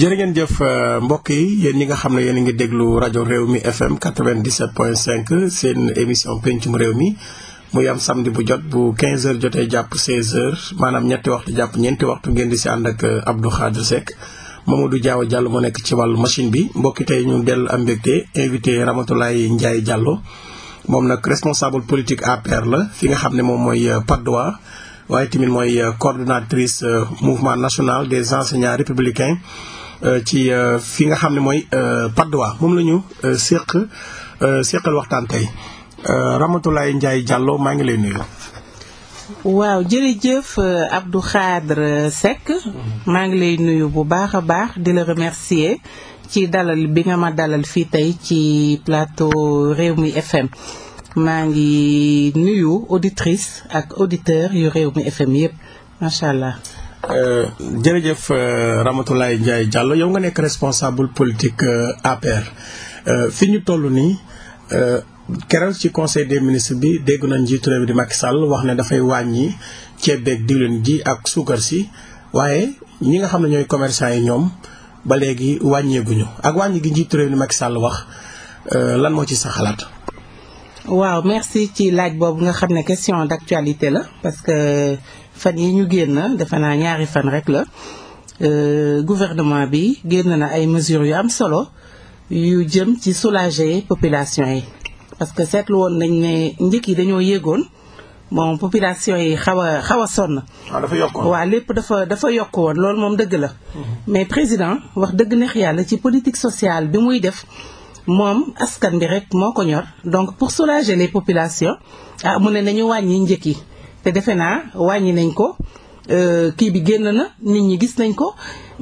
jërë ngeen jëf euh, mbokk yi yéen ñi nga xam ne yéen a ngi déglu rajo réew mi FM 97.5 seen émission pencum réew mi muy am samedi bu jot bu 15 heures jotee jàpp 16 heures maanaam ñetti waxtu jàpp ñeenti waxtu ngeen di si ànd ak euh, Abdou Khadre Seck du Diaw Diallo moo nekk ci wàllu machine bi mbokki tey ñu dellu am mbégte invité Ramatoulaye Ndiaye jàlloo moom nag responsable politique APR la fi nga xam ne moom mooy euh, Patte waaye tamit mooy coordonnatrice mouvement national des enseignants républicains Euh, ci euh, fi nga xam ne mooy euh, Patte d'Oie moom la ñu seq seqal waxtaan tey Ramatoulaye Ndiaye Diallo maa ngi lay nuyu. waaw jërëjëf Abdou Khadre Seck maa ngi lay nuyu bu baax a baax di la remercier ci dalal bi nga ma dalal fii tey ci plateau mi FM maa ngi nuyu auditrice ak auditeur yu mi FM yëpp macha allah. Euh, jërëjëf euh, Ramatoulaye Ndiaye Diallo yow nga nekk responsable politique euh, APR fi ñu toll nii keral ci conseil des ministres bi dégg nañ njiitu réew mi di wax ne dafay wàññi ceeb beeg diwlin ji ak suukar si waaye ñi nga xam ne ñooy commerçant yi ñoom ba léegi wàññeeguñu ak wàññi gi njiitu réew mi di Macky wax lan moo ci sa xalaat. waaw merci ci laaj boobu nga xam ne question d'actualité la parce que. fan yi ñu génn defe naa ñaari fan rek la euh, gouvernement bi génn na ay mesures yu am solo yu jëm ci soulager population yi parce que seetlu woon nañ ne njëkk yi dañoo yéegoon moom population yi xaw a xaw a sonn ah, waa lépp dafa dafa yokk woon loolu moom dëgg la mhm. mais président wax dëgg neex yàlla ci politique sociale bi muy def moom askan bi rek moo ko ñor donc pour soulager les populations ah mu ne nañu wàññi njëkk yi te defe naa wàññi nañ ko euh, kii bi génn na nit ñi gis nañ ko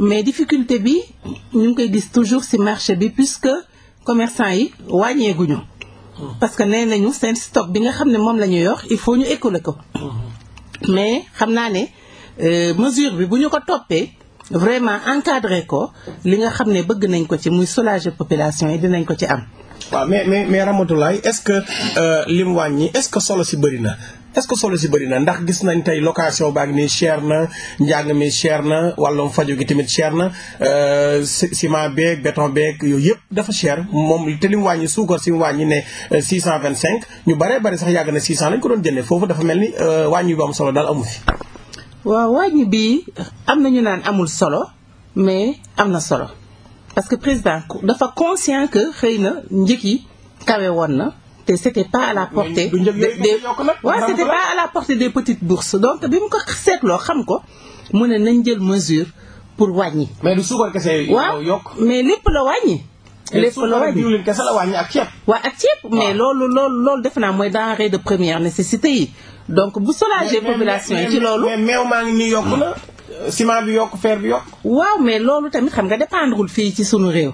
mais difficulté bi ñu ngi koy gis toujours ci marché bi puisque commerçant yi wàññeeguñu parce que nee nañu seen stock bi nga xam ne moom la ñu yor il faut ñu écouler ko mais xam naa ne euh, mesure bi bu ñu ko toppee vraiment encadré ko li nga xam ne bëgg nañ ko ci muy soulager population yi dinañ ko ci am waaw mais mais mais Ramatoulaye est-ce que euh, li mu wàññi est-ce que solo si bëri na est-ce que solo si bëri na ndax gis nañ tey location baag nii cher na njàng mi cher na wàllum faju gi tamit cher na euh, ciment beeg béton beeg yooyu yëpp dafa cher moom te li mu wàññi suukar si mu wàññi ne euh, cinq ñu baree bari sax yàgg na 600 lañ ko doon jëndee foofu dafa mel ni euh, wàññi bu am solo daal amu fi. waaw wàññi bi am na ñu naan amul solo mais am na solo parce que président dafa conscient que xëy na njëg yi kawe woon na. c'était c'était pas à la portée des waaw c'était la portée des petites bourses donc bi mu ko seetloo xam ko mu ne nañ jël mesure pour wàññi mais du suukar kese waaw mais lépp la wàññi lépp la wàññi diwlin kese la wàññi ak ceeb waaw ak ceeb mais ah. loolu loolu loolu naa mooy denrée de première nécessité yi donc bu soulager population yi ci loolu mais meew maa ngi nii yokk na ciment bi yokk feer bi yokk waaw mais loolu tamit xam nga dépendrewul fii ci sunu réew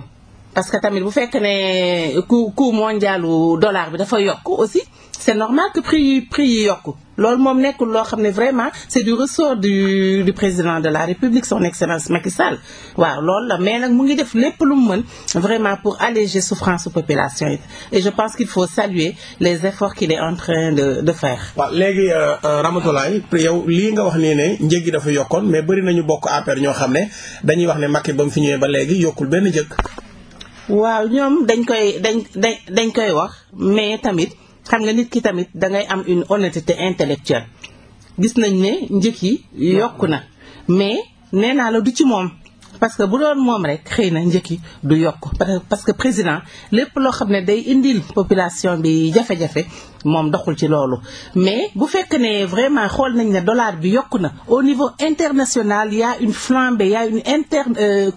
parce que tamit bu fekk ne coût coût mondialu dollar bi dafa yokk aussi c'est normal que prix yi prix yi yokk loolu moom nekkul loo xam ne vraiment c'est du ressort du du président de la République son excellence Macky Sall waaw loolu la mais nag mu ngi def lépp lu mu mën vraiment pour alléger souffrance su population yi et je pense qu'il faut saluer les efforts qu'il est en train de de faire. waaw léegi euh, euh, Ramatoulaye pour yow lii nga wax nii ne njëg yi dafa yokkoon mais bari nañu bokk APR ñoo xam ne dañuy wax ne Macky ba fi ñëwee ba léegi yokkul benn njëg. waaw ñoom dañ koy dañ dañ dañ koy wax mais tamit xam nga nit ki tamit da ngay am une honnêteté intellectuelle gis nañ ne njëg yi yokku na mais nee naa la du ci moom parce que bu doon moom rek xëy na njëkk yi du yokk parce que président lépp loo xam ne day indil population bi jafe-jafe moom doxul ci loolu mais bu fekk ne vraiment xool nañ ne dollar bi yokk na au niveau international y une flambée y a une inter euh,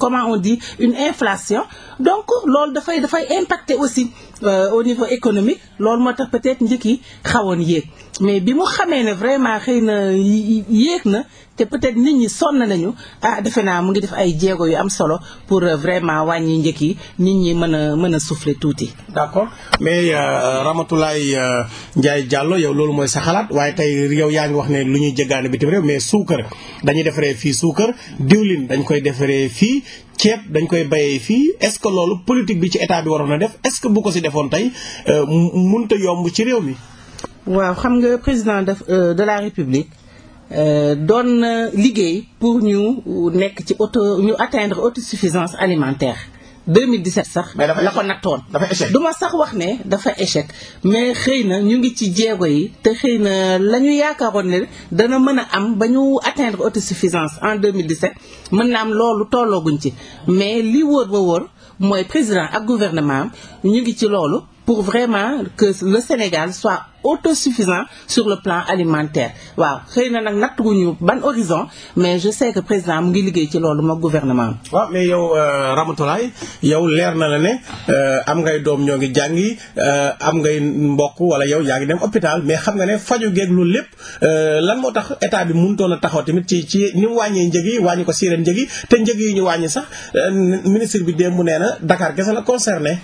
une inflation donc loolu dafay dafay impacter aussi euh, au niveau économique loolu moo tax peut-être njëkk yi xawoon yéeg mais bi mu xamee ne vraiment xëy na yéeg na te peut-être nit ñi sonn nañu ah defe naa mu ngi def ay jéego yu am solo pour euh, vraiment wàññi njëkk yi nit ñi mën a mën a souffler tuuti. d'accord mais euh, Ramatoulaye euh, Ndiaye Diallo yow loolu mooy sa xalaat waaye tey yow yaa ngi wax ne lu ñuy bi bitim réew mais suukar dañuy defaree fii suukar diwlin dañ koy defaree fii. ceeb dañ koy bayee fii est-ce que loolu politique bi ci état bi waroon a def est-ce que bu ko si defoon tey mënut a yomb ci réew mi. waaw xam nga président de la république Euh, doon liggéey pour ñu nekk ci auto ñu atteindre autosuffisance alimentaire 2017 sax. la ko nattoon du ma sax wax ne dafa échec. mais xëy na ñu ngi ci jéego yi te xëy na la ñu yaakaaroon ne dana mën a am ba ñu atteindre autosuffisance en 2017 mën na am loolu tollooguñ ci mais li wóor ba wóor mooy président ak gouvernement ñu ngi ci loolu pour vraiment que le Sénégal soit autosuffisant sur le plan alimentaire waaw xëy na nag ñu ban horizon mais je sais que président mu ngi liggéey ci loolu moom gouvernement waaw mais yow euh, Ramatoulaye yow leer na la ne euh, am ngay doom ñoo ngi jàngi euh, am ngay mbokk wala yow yaa ngi dem hôpital mais xam nga ne faju geeg loolu lépp lan moo tax état bi mënutoon a taxaw tamit ci ci ni mu wàññee njëg yi wàññi ko siireen njëg yi te njëg yi ñu wàññi sax ministre bi démb nee na Dakar kese la concerné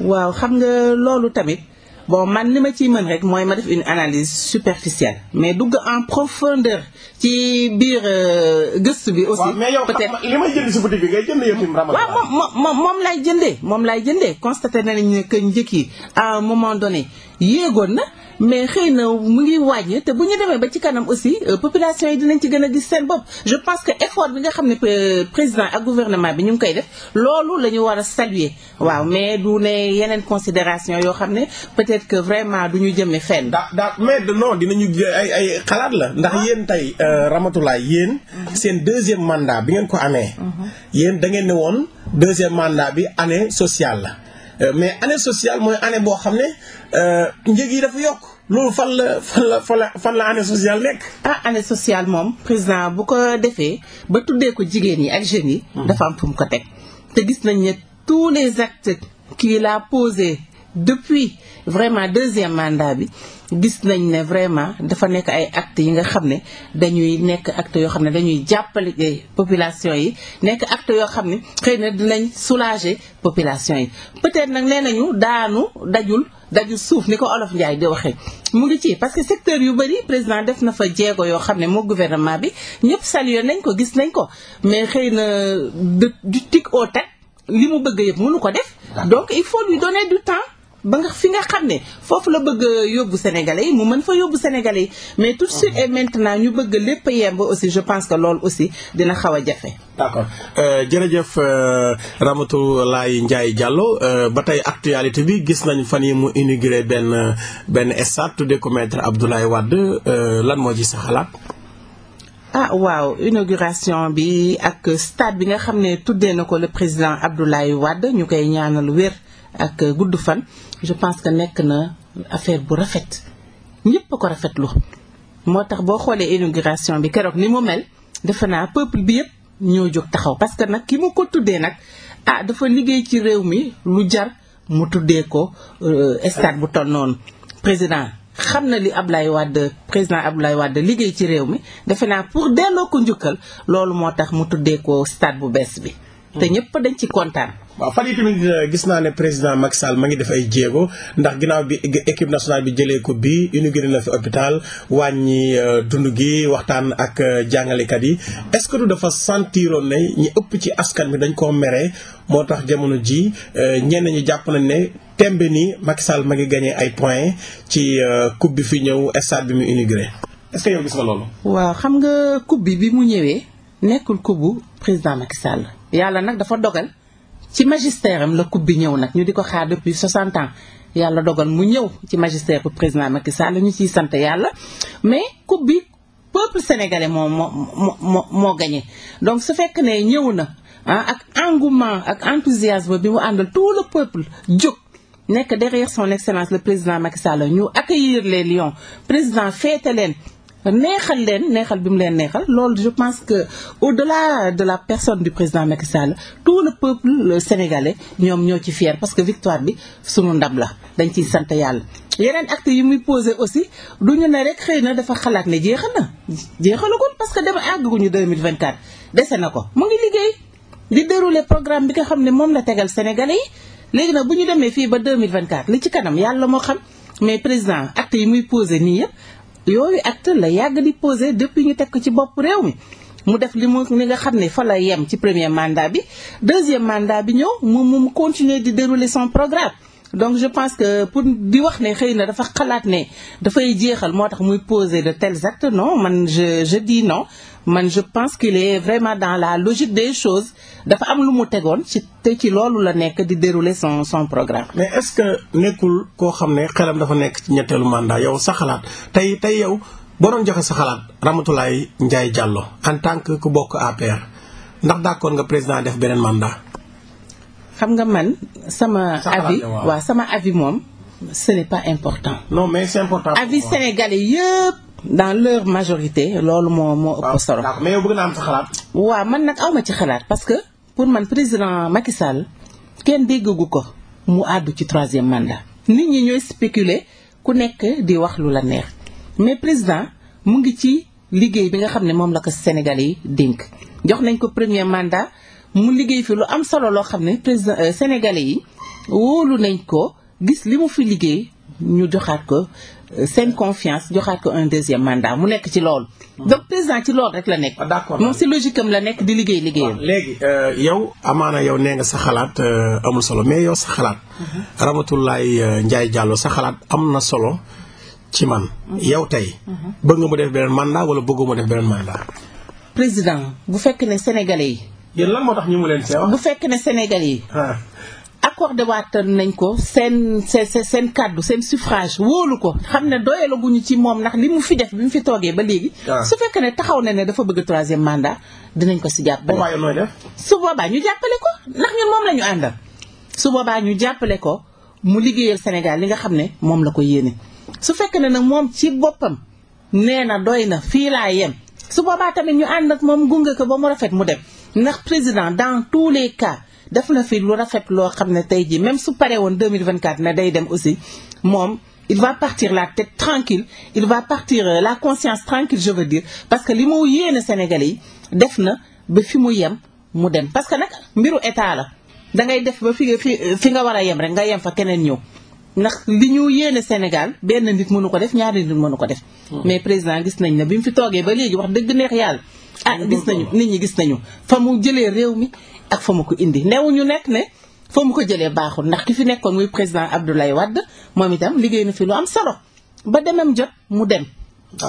waaw xam nga loolu tamit bon man li ma ciy mën rek mooy ma def une analyse superficielle mais dugg en profondeur ci biir euh, gëstu bi. aussi peut-être li ma jënd si boutique bi nga jënd yow tamit ramadan. waaw moom moom moom laay jëndee moom laay jëndee constaté nañu ne que njëkk yi à un moment donné. yéegoon na mais xëy na mu ngi wàññi te bu ñu demee ba ci kanam aussi euh, population yi dinañ ci gën a gis seen bopp je pense que effort bi nga xam ne euh, président ak gouvernement bi ñu ngi koy def loolu la ñu war a saluer waaw mais du ne yeneen considération yoo xam ne peut-être que vraiment du ñu jëmee fenn. daa daa mais non dinañu ay ay xalaat la ndax ah. yéen tey euh, Ramatoulaye yéen. Mm-hmm. seen deuxième mandat bi ngeen ko amee. Mm-hmm. yéen da ngeen ne woon deuxième mandat bi année sociale la. Euh, mais année sociale mooy année boo xam ne euh, njëg yi dafa yokk loolu fan la fan la fan la fan la année sociale nekk. ah année sociale moom président bu ko defee ba tuddee ko jigéen yi ak jeunes yi. Hmm. dafa am fu ko teg te gis nañ ne tous les actes qu'il a posés depuis vraiment deuxième mandat bi gis nañ ne vraiment dafa nekk ay actes yi nga xam ne dañuy nekk actes yoo xam ne dañuy jàppale population yi nekk actes yoo xam ne xëy na dinañ soulager population yi peut-être nag nee nañu daanu dajul daju suuf ni ko olof Ndiaye di waxee mu ngi ci parce que secteur yu bëri président def na fa jéego yoo xam ne moo gouvernement bi ñëpp salué nañ ko gis nañ ko mais xëy na du tic au tac li mu bëgg yëpp mënu ko def donc il faut ba nga fi nga xam ne foofu la bëgg yóbbu sénégalais yi mu mën fa yóbbu sénégalais yi mais tout de suite et maintenant ñu bëgg lépp yemb aussi je pense que loolu aussi dina xaw a jafe. d'accord euh, jërëjëf euh, Ramatoulaye Ndiaye Diallo euh, ba tey actualité bi gis nañ fan yi mu inauguré benn benn stade tuddee ko maître Abdoulaye Wade lan moo ci sa xalaat. ah waaw inauguration bi ak stade bi nga xam ne tuddee na ko le président Abdoulaye Wade ñu koy ñaanal wér ak gudd fan je pense que nekk na affaire bu rafet ñëpp a ko rafetlu moo tax boo xoolee inauguration bi keroog ni mu mel defe naa peuple bi yëpp ñoo jóg taxaw parce que nag ki mu ko tuddee nag ah dafa liggéey ci réew mi lu jar mu tuddee ko euh, stade bu toll noonu président xam na li Ablaye wadd président Ablaye Wade liggéey ci réew mi defe naa pour delloo ko njukkal loolu moo tax mu tuddee ko stade bu bees bi te ñëpp dañ ci kontaan. waaw fan yi tamit euh, gis naa ne président Macky Sall ma ngi def ay jéego ndax ginnaaw bi équipe national bi jëlee ko bi inauguré na fi hôpital wàññi euh, dund gi waxtaan ak euh, jàngalekat yi est-ce que du dafa sentiroon ne ñi ëpp ci askan bi dañ koo meree moo tax jamono ji ñenn ñi jàpp nañ ne tembe nii Macky ma ngi gagné ay points ci coupe bi fi ñëw stade bi mu inauguré est-ce que yow gis nga loolu. waaw xam nga coupe bi bi mu ñëwee nekkul coupe président Macky Sall. yàlla nag dafa dogal ci magistère la coupe bi ñëw nag ñu di ko xaar depuis 60 ans yàlla dogal mu ñëw ci magistère bu président Macky Sall ñu ciy sant yàlla mais coupe bi peuple sénégalais moo moo moo moo gagné donc su fekk ne ñëw na ah ak engouement ak enthousiasme bi mu àndal tout le peuple jóg. nekk derrière son excellence le président Macky Sall ñu accueillir les lions président féete leen neexal leen neexal bi mu leen neexal loolu je pense que au-delà de la personne du président Macky Sall tout le peuple sénégalais ñoom ñoo ci fier parce que victoire bi sunu ndab la dañ ciy sant yàlla. yeneen acte yi muy posé aussi du ñu ne rek xëy na dafa xalaat ne jeexal na jeexalagul parce que dama àgguñu 2024 dese na ko mu ngi programme bi nga xam ne moom la tegal sénégalais yi léegi nag bu ñu demee fii ba 2024 li ci kanam yàlla moo xam mais président acte yi muy posé nii yëpp yooyu acte la yàgg di posé depuis ñu teg ci bopp réew mi mu def li mu li nga xam ne fa la yem ci premier mandat bi deuxième mandat bi ñëw moom mu continuer di dérouler son programme donc je pense que pour di wax ne xëy na dafa xalaat ne dafay jeexal moo tax muy poser de tels actes non man je je non man je pense qu'il est vraiment dans la logique des choses dafa am lu mu tegoon ci te ci loolu la nekk di dérouler son son programme. mais est que nekkul koo xam ne xelam dafa nekk ci ñetteelu mandat yow sa xalaat tey tey yow boo doon joxe sa xalaat ramatulaay Ndiaye Diallo en tant que ku bokk APR ndax d'accord nga président def beneen mandat. xam nga man sama avis waaw sama avis moom ce n'est pas important non mais c'est important avis sénégalais yëpp dans leur majorité loolu moo moo ëpp ah, solo mais yow bëgg am sa man nag awma ci xalaat parce que pour man président Macky Sall kenn déggagu ko mu àddu ci troisième mandat nit ñi ñooy spéculer ku nekk di wax lu la neex mais président mu ngi ci liggéey bi nga xam ne moom la ko Sénégal yi dénk jox nañ ko premier mandat mu liggéey fi lu am solo loo xam ne président euh, sénégalais yi wóolu nañ ko gis li mu fi liggéey ñu joxaat ko euh, seen confiance joxaat ko un deuxième mandat mu nekk ci lool mm-hmm. donc président ci loolu rek la nekk. Ah, d'accord moom si logique am la nekk di liggéey liggéey léegi euh, yow amaana yow nee nga sa xalaat amul solo mais yow sa xalaat. Mm-hmm. Ramatoulaye Ndiaye Diallo sa xalaat am na solo ci man. Mm-hmm. yow tey. bëgg nga mu def beneen mandat wala bëggu mu def beneen mandat. président bu fekk ne sénégalais yi. yéen lan moo tax ñu mu leen cee wax. bu fekk ne Sénégal yi. accordé waatan nañ ko seen seen seen kàddu seen suffrage wóolu ko xam ne doylaguñu ci moom ndax li mu fi def bi mu fi toogee ba léegi. su fekkee ne taxaw na ne dafa bëgg troisième mandat dinañ ko si jàppale. boobaa nooy def. su boobaa ñu jàppale ko ndax ñun moom la ñu àndal su boobaa ñu jàppale ko mu liggéeyal Sénégal li nga xam ne moom la ko yéene su fekk ne nag moom ci boppam nee na doy na fii laa yem su boobaa tamit ñu ànd ak moom gunge ko ba mu rafet mu dem. ndax président dans tous les cas def na fi lu rafet loo xam ne tey jii même su paree woon 2024 ne day dem aussi moom il va partir la tête tranquille il va partir euh, la conscience tranquille je veux dire parce que li mu yéene Sénégalais yi def na ba fi mu yem mu dem parce que nag mbiru état la dangay def ba fi euh, fi nga war a yem rek nga yem fa keneen ñëw ndax li ñu yéene Sénégal benn nit mënu ko def ñaari nit mënu ko def hmm. mais président gis nañ ne bi mu fi toogee ba léegi wax dëgg neex yàlla ah gis nañu nit ñi gis nañu fa mu jëlee réew mi ak fa mu ko indi newu ñu nekk ne fa mu ko jëlee baaxul ndax ki fi nekkoon muy président Abdoulaye Wade moom itam liggéey na fi lu am solo ba demam jot mu dem.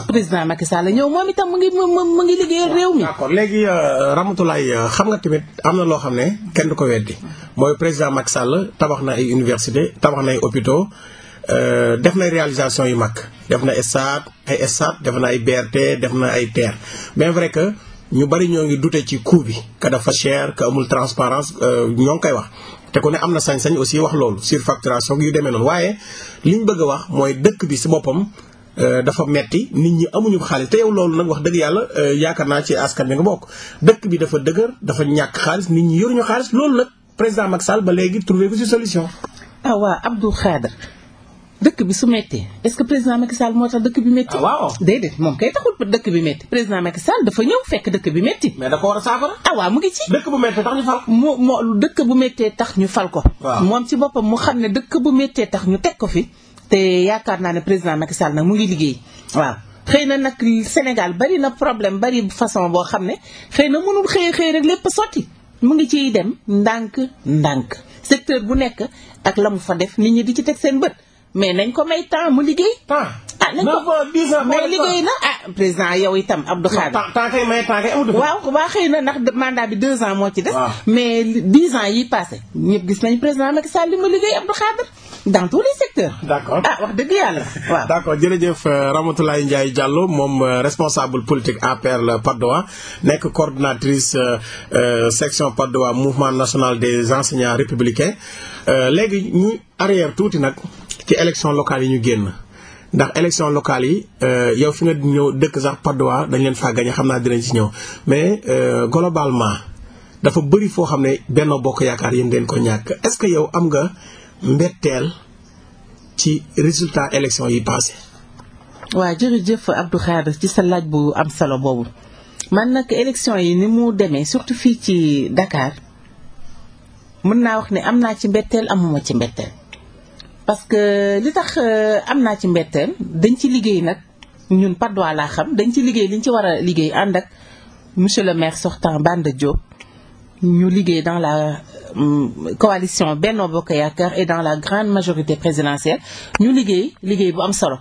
président Macky Sall ñëw moom itam mu ngi mu ngi liggéeyal réew mi. d'accord léegi euh, Ramatoulaye euh, xam nga tamit am na loo xam ne kenn du ko weddi mooy président Macky Sall tabax na ay université tabax na ay hôpitaux. Euh, def na réalisation yu mag def na stade ay stade def na ay berte def na ay TER mais vrai que ñu bari ñoo ngi dute ci coût bi que dafa cher que amul transparence euh, ñoo ngi koy wax te ku ne am na sañ-sañ aussi wax loolu surfacturation yu demee noonu waaye li ñu bëgg a wax mooy dëkk bi si boppam euh, dafa metti nit ñi amuñu xaalis te yow loolu nag wax dëgg yàlla yaakaar naa ci askan bi nga bokk dëkk bi dafa dëgër dafa ñàkk xaalis nit ñi yoruñu xaalis loolu nag président Macky Sall ba léegi trouvé ko ci solution. ah waa Abdou Khadre dëkk bi su méttee est-ce que président Macky Sall moo tax dëkk bi métti. Ah, waaw déedéet moom kay taxul dëkk bi métti président Macky Sall dafa ñëw fekk dëkk bi métti. mais da ko war a saafara. Ah, mu ngi ci. dëkk bu méttee tax ñu fal ko. bu méttee tax ñu fal ko. moom si boppam mu xam ne dëkk bu méttee tax ñu teg ko fi. te yaakaar naa ne président Macky Sall nag mu ngi liggéey waaw. xëy na nag Sénégal bari na problème bari façon boo xam ne xëy na mënul xëy xëyee rek lépp sotti mu ngi ciy dem ndànk ndànk secteur bu nekk ak la mu fa def nit ñi di ci teg seen bët mais nañ ko may temps mu liggéey. temps non ah, non liggéey na ah président yow itam Abdou Khadre. temps kay may temps kay amul. waaw waaw xëy na ndax mandat bi deux ans moo ci des. mais dix ans yi passé ñëpp gis nañ président Macky Sall li mu liggéey Abdou Khadre dans tous les secteurs. d' accord ah wax dëgg yàlla waaw. d' accord jërëjëf euh, Ramatoulaye Ndiaye moom euh, responsable politique APR la Patte d'Oie nekk coordonnatrice euh, section Patte d'Oie mouvement national des enseignants républicains léegi tuuti nag. ci élection locale yi ñu génn ndax élection locale yi euh, yow fi nga ñëw dëkk sax Padoa dañ leen faa gañe xam naa dinañ ci ñëw mais euh, globalement dafa bëri foo xam ne benn Bokk Yaakaar yéen ngeen ko ñàkk est-ce que yow am nga mbetteel ci résultat élection yi passé waaw jërëjëf Abdou Khadre ci sa laaj bu am solo boobu man nag élection yi ni mu demee surtout fii ci Dakar mën naa wax ne am naa ci mbetteel amuma ci mbetteel parce que li tax euh, am naa ci mbetteel dañ ci liggéey nag ñun Patte d'Oie laa xam dañ ci liggéey liñ ci war a liggéey ànd ak monsieur le maire sortant Banda Diop ñu liggéey dans la euh, coalition Benno Bokk Yaakaar et dans la grande majorité présidentielle ñu liggéey liggéey bu am solo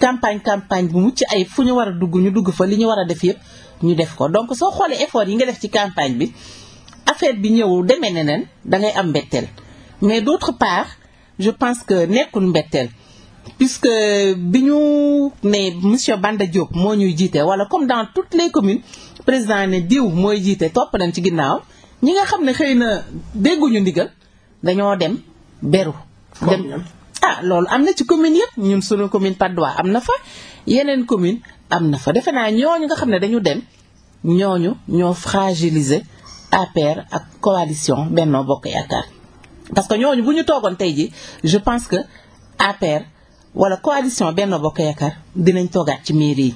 campagne campagne bu ci ay fu ñu war a dugg ñu dugg fa li ñu war a def yëpp ñu def ko donc soo xoolee efort yi nga def ci campagne bi affaire bi ñëw demee neneen da ngay am mbetteel je pense que nekkul mbetteel puisque bi ñu ne monsieur Banda Diop moo ñuy jiite wala comme dans toutes les communes président ne diw mooy jiite topp nañ ci ginnaaw ñi nga xam ne xëy na dégguñu ndigal dañoo dem beru dem ah loolu am na ci commune yëpp ñun sunu commune Patte d'Oie am na fa yeneen commune am na fa defe naa ñooñu nga xam ne dañu dem ñooñu ñoo fragiliser APR ak coalition Benno Bokk Yaakaar parce que ñooñu bu ñu toogoon tey ji je pense que APR wala coalition Benno Bokk Yaakaar dinañ toogaat ci mairie yi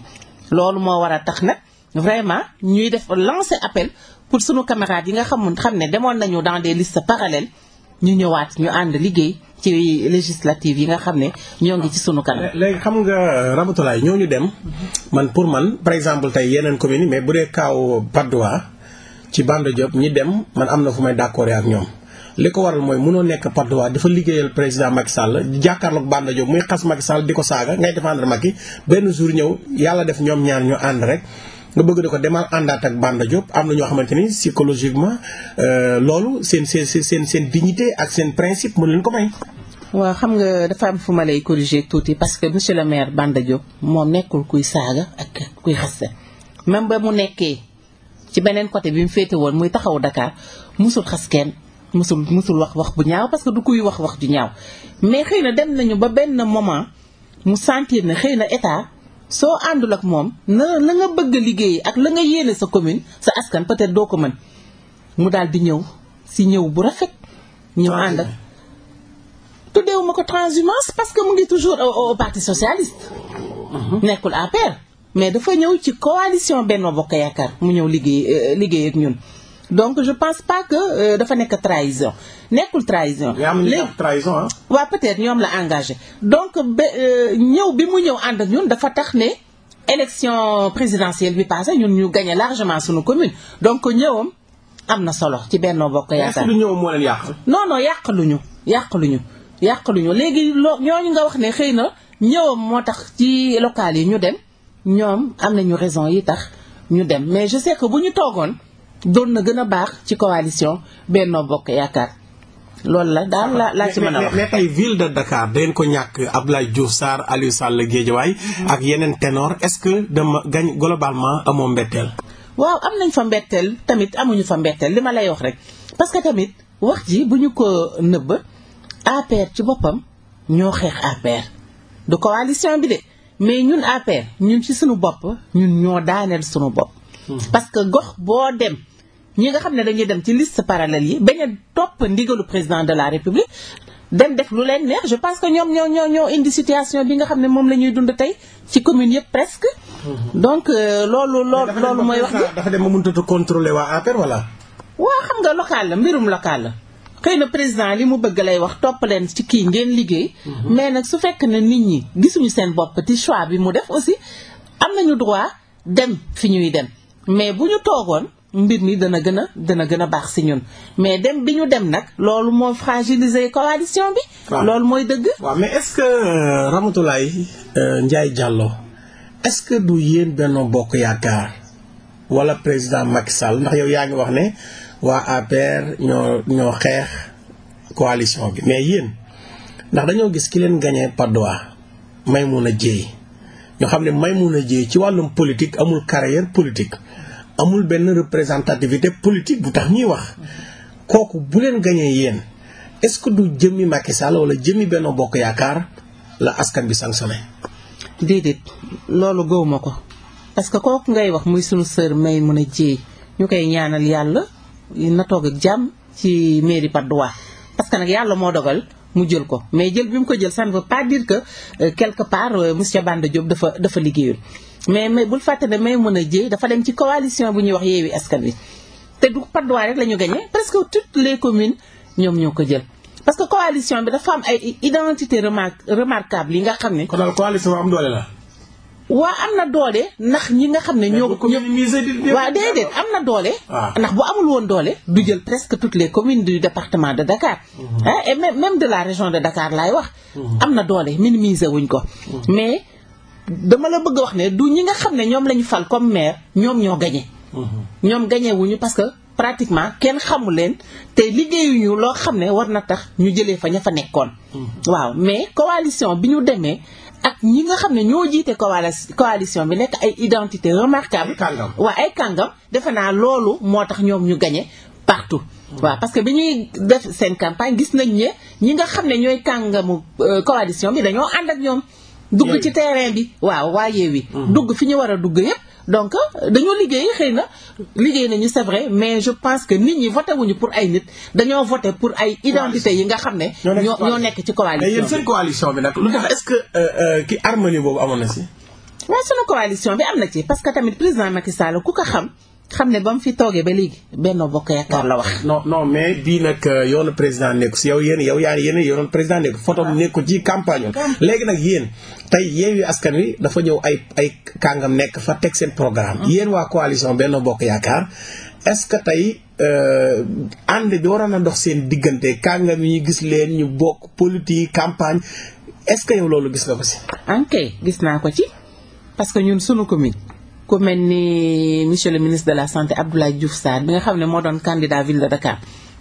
loolu moo war a tax nag vraiment ñuy def lancé appel pour sunu camarades yi nga xamul xam ne demoon nañu dans des listes parallèles ñu ñëwaat ñu ànd liggéey ci législative yi nga xam ne ñoo ngi ci sunu kanam. léegi xam nga euh, Ramatoulaye ñoo ñu dem man pour man par exemple tey yeneen communes mais bu dee kaaw Padois ci Bande Diop ñi dem man am na fu may d'accord ak ñoom. li ko waral mooy mënoo nekk porte-voix dafa liggéeyal président mag Sall di jàkkaarloog Banda Diop muy xas Macky Sall di ko saaga ngay défendre Macky benn jour ñëw yàlla def ñoom ñaar ñu ànd rek nga bëgg di ko demal àndaat ak Banda Diop am na ñoo xamante ni psychologiquement euh, loolu seen seen seen seen dignité ak seen principe mën leen ko may. waaw xam nga dafa am fu ma lay corriger tuuti parce que monsieur le maire Banda Diop nekkul kuy saaga ak kuy xaste même ba mu nekkee ci beneen côté bi mu féete woon muy taxaw Dakar musul xas kenn. mosul mosul wax wax bu ñaaw parce que du kuy wax wax ju ñaaw mais xëy na dem nañu ba benn moment mu sentir na xëy na état soo àndul ak moom na la nga bëgg liggéey ak la nga yéene sa commune sa askan peut-être doo ko mën mu daal di ñëw si ñëw bu rafet ñëw ànd ak tuddeewu ma ko transhumance parce que mu ngi toujours au parti socialiste uh-huh. nekkul APR mais dafa ñëw ci coalition Benno Bokk Yaakaar mu ñëw liggéey euh, liggéey ak ñun donc je pense pas que euh, dafa nekk trahison nekkul trahison. léegi trahison ah. waaw peut-être ñoom la engagé donc ba euh, ñëw bi mu ñëw ànd ak ñun dafa tax ne élection présidentielle bi passé ñun ñu gagné largement suñu commune donc ñëwam am na solo ci Benno Bokk Yaakaar. est-ce que ñëwam moo leen yàq. non non yàqaluñu yàqaluñu yàqaluñu léegi loo ñooñu nga wax ne xëy na ñëwam moo tax ci local yi ñu dem ñoom am nañu raison yi tax ñu dem mais je sais que bu ñu toogoon. doon na gën a baax ci coalition Benno Bokk Yaakaar loolu la daal la laa ci mën a wax. mais tey ville de Dakar dañ ko ñàkk Abdoulaye Diouf Sarr Aliou Sall Guédiawaye ak yeneen ténor est-ce que dama gañ globalement amoo mbetteel. waaw am nañ fa mbetteel tamit amuñu fa mbetteel li ma lay wax rek parce que tamit wax ji bu ñu ko nëbb APR ci boppam ñoo xeex APR du coalition bi de mais ñun APR ñun ci suñu bopp ñun ñoo daaneel suñu bopp. Hmm. parce que gox boo dem. ñi nga xam ne dañuy dem ci liste parallèle yi bañ a topp ndigalu président de la république dem def lu leen neex je pense que ñoom ñoo ñoo ñoo indi situation bi nga xam ne moom la dund tey ci commune yëpp presque. Mhm. donc euh, loolu loolu loolu mooy wax dafa dem ba mënut a contrôler waa APR wala. waa xam nga local la mbirum local la. xëy na président li mu bëgg lay wax topp leen ci kii ngeen liggéey. Mhm. mais nag su fekk na nit ñi gisuñu seen bopp ci choix bi mu def aussi am nañu droit dem fi ñuy dem mais bu ñu mbir mi dana gën a dana gën a baax si ñun mais dem bi ñu dem nag loolu moo fragiliser coalition bi. loolu mooy dëgg. waaw mais est-ce que euh, Ramatoulaye euh, Ndiaye Diallo est-ce que du yéen benn Bokk Yaakaar walla président Macky Sall ndax yow yaa ngi wax ne waa APR ñoo ñoo xeex coalition bi mais yéen ndax dañoo gis ki leen may Padoa a Dièye ñoo xam ne may a Dièye ci wàllum politique amul carrière politique. amul benn représentativité politique bu tax ñuy wax kooku bu leen gañee yéen est-ce que du jëmmi Macky Sall wala jëmmi Benno Bokk Yaakaar la askan bi sanctionné. déedéet loolu gëwuma ko parce que kooku ngay wax muy sunu sœur may mun a jéey ñu koy ñaanal yàlla na toog ak jàmm ci mairie Patte d'Oie parce que nag yàlla moo dogal. mu jël ko mais jël bi mu ko jël ça ne veut pas dire que euh, quelque part euh, monsieur Banda Diop dafa dafa liggéeyul mais mais bul fàtte ne may mën a jéey dafa dem ci coalition bu ñuy wax yeewi askan bi te du Patte d'Oie rek la ñu presque toutes les communes ñoom ñoo ko jël parce que coalition bi dafa am ay identité remarquable yi nga xam ne. kon daal coalition am doole la. waa am na doole ndax ñi nga xam ne ñoo waaw déedéet am na doole ah. ndax bu amul woon doole du jël presque toutes les communes du département de Dakar ah même de la région de Dakar laay wax mhm. am na doole minimiser wuñ ko mhm. mais dama la bëgg a wax ne du ñi nga xam ne ñoom la ñu fal comme maire ñoom ñoo gañe ñoom gañe wuñu parce que pratiquement kenn xamu leen te liggéeyuñu loo xam ne war na tax ñu jëlee fa ña fa nekkoon waaw mais coalition bi ñu demee ak ñi nga xam ne ñoo jiite coalition bi nekk ay identité remarquable waa ay kàngam defe naa loolu moo tax ñoom ñu gañe partout hmm. waaw parce que bi ñuy def seen campagne gis nañ ñi ñi nga xam ne ñooy kàngamu euh, coalition bi dañoo ànd ak ñoom dugg ci terrain bi waaw waa Yewwi hmm. dugg fi ñu war a dugg yëpp donc euh, dañoo liggéey xëy na liggéey nañu c'est vrai mais je pense que nit ñi voté wuñu pour ay nit dañoo voté pour ay identité yi nga xam ne ñoo ñoo nekk ci coalition mais yéen seen coalition bi nag lu tax est-ce euh, euh, ki harmonie boobu amoon na si waaw sunu coalition bi am na ci parce que tamit président Macky Sall ku ko xam xam ne ba mu fi toogee ba léegi Benno Bokk Yaakaar la wax. no non mais bii nag euh, yoonu président nekku si yow yéen yow yaa yéen yoonu président nekku ah. photo nekku ci campagne léegi nag yéen tey Yewwi Askan Wi dafa ñëw ay ay kàngam nekk fa teg seen programme. Ah. yéen waa coalition Benno Bokk Yaakaar est-ce que tey. Euh, ànd bi waroon a ndox seen diggante kàngam yi gis leen ñu bokk politique campagne est-ce que yow loolu gis nga ko si. ok gis naa ko ci parce que ñun sunu commune ku mel ni monsieur le ministre de la santé Abdoulaye Diouf Sarr bi nga xam ne moo doon candidat ville de Dakar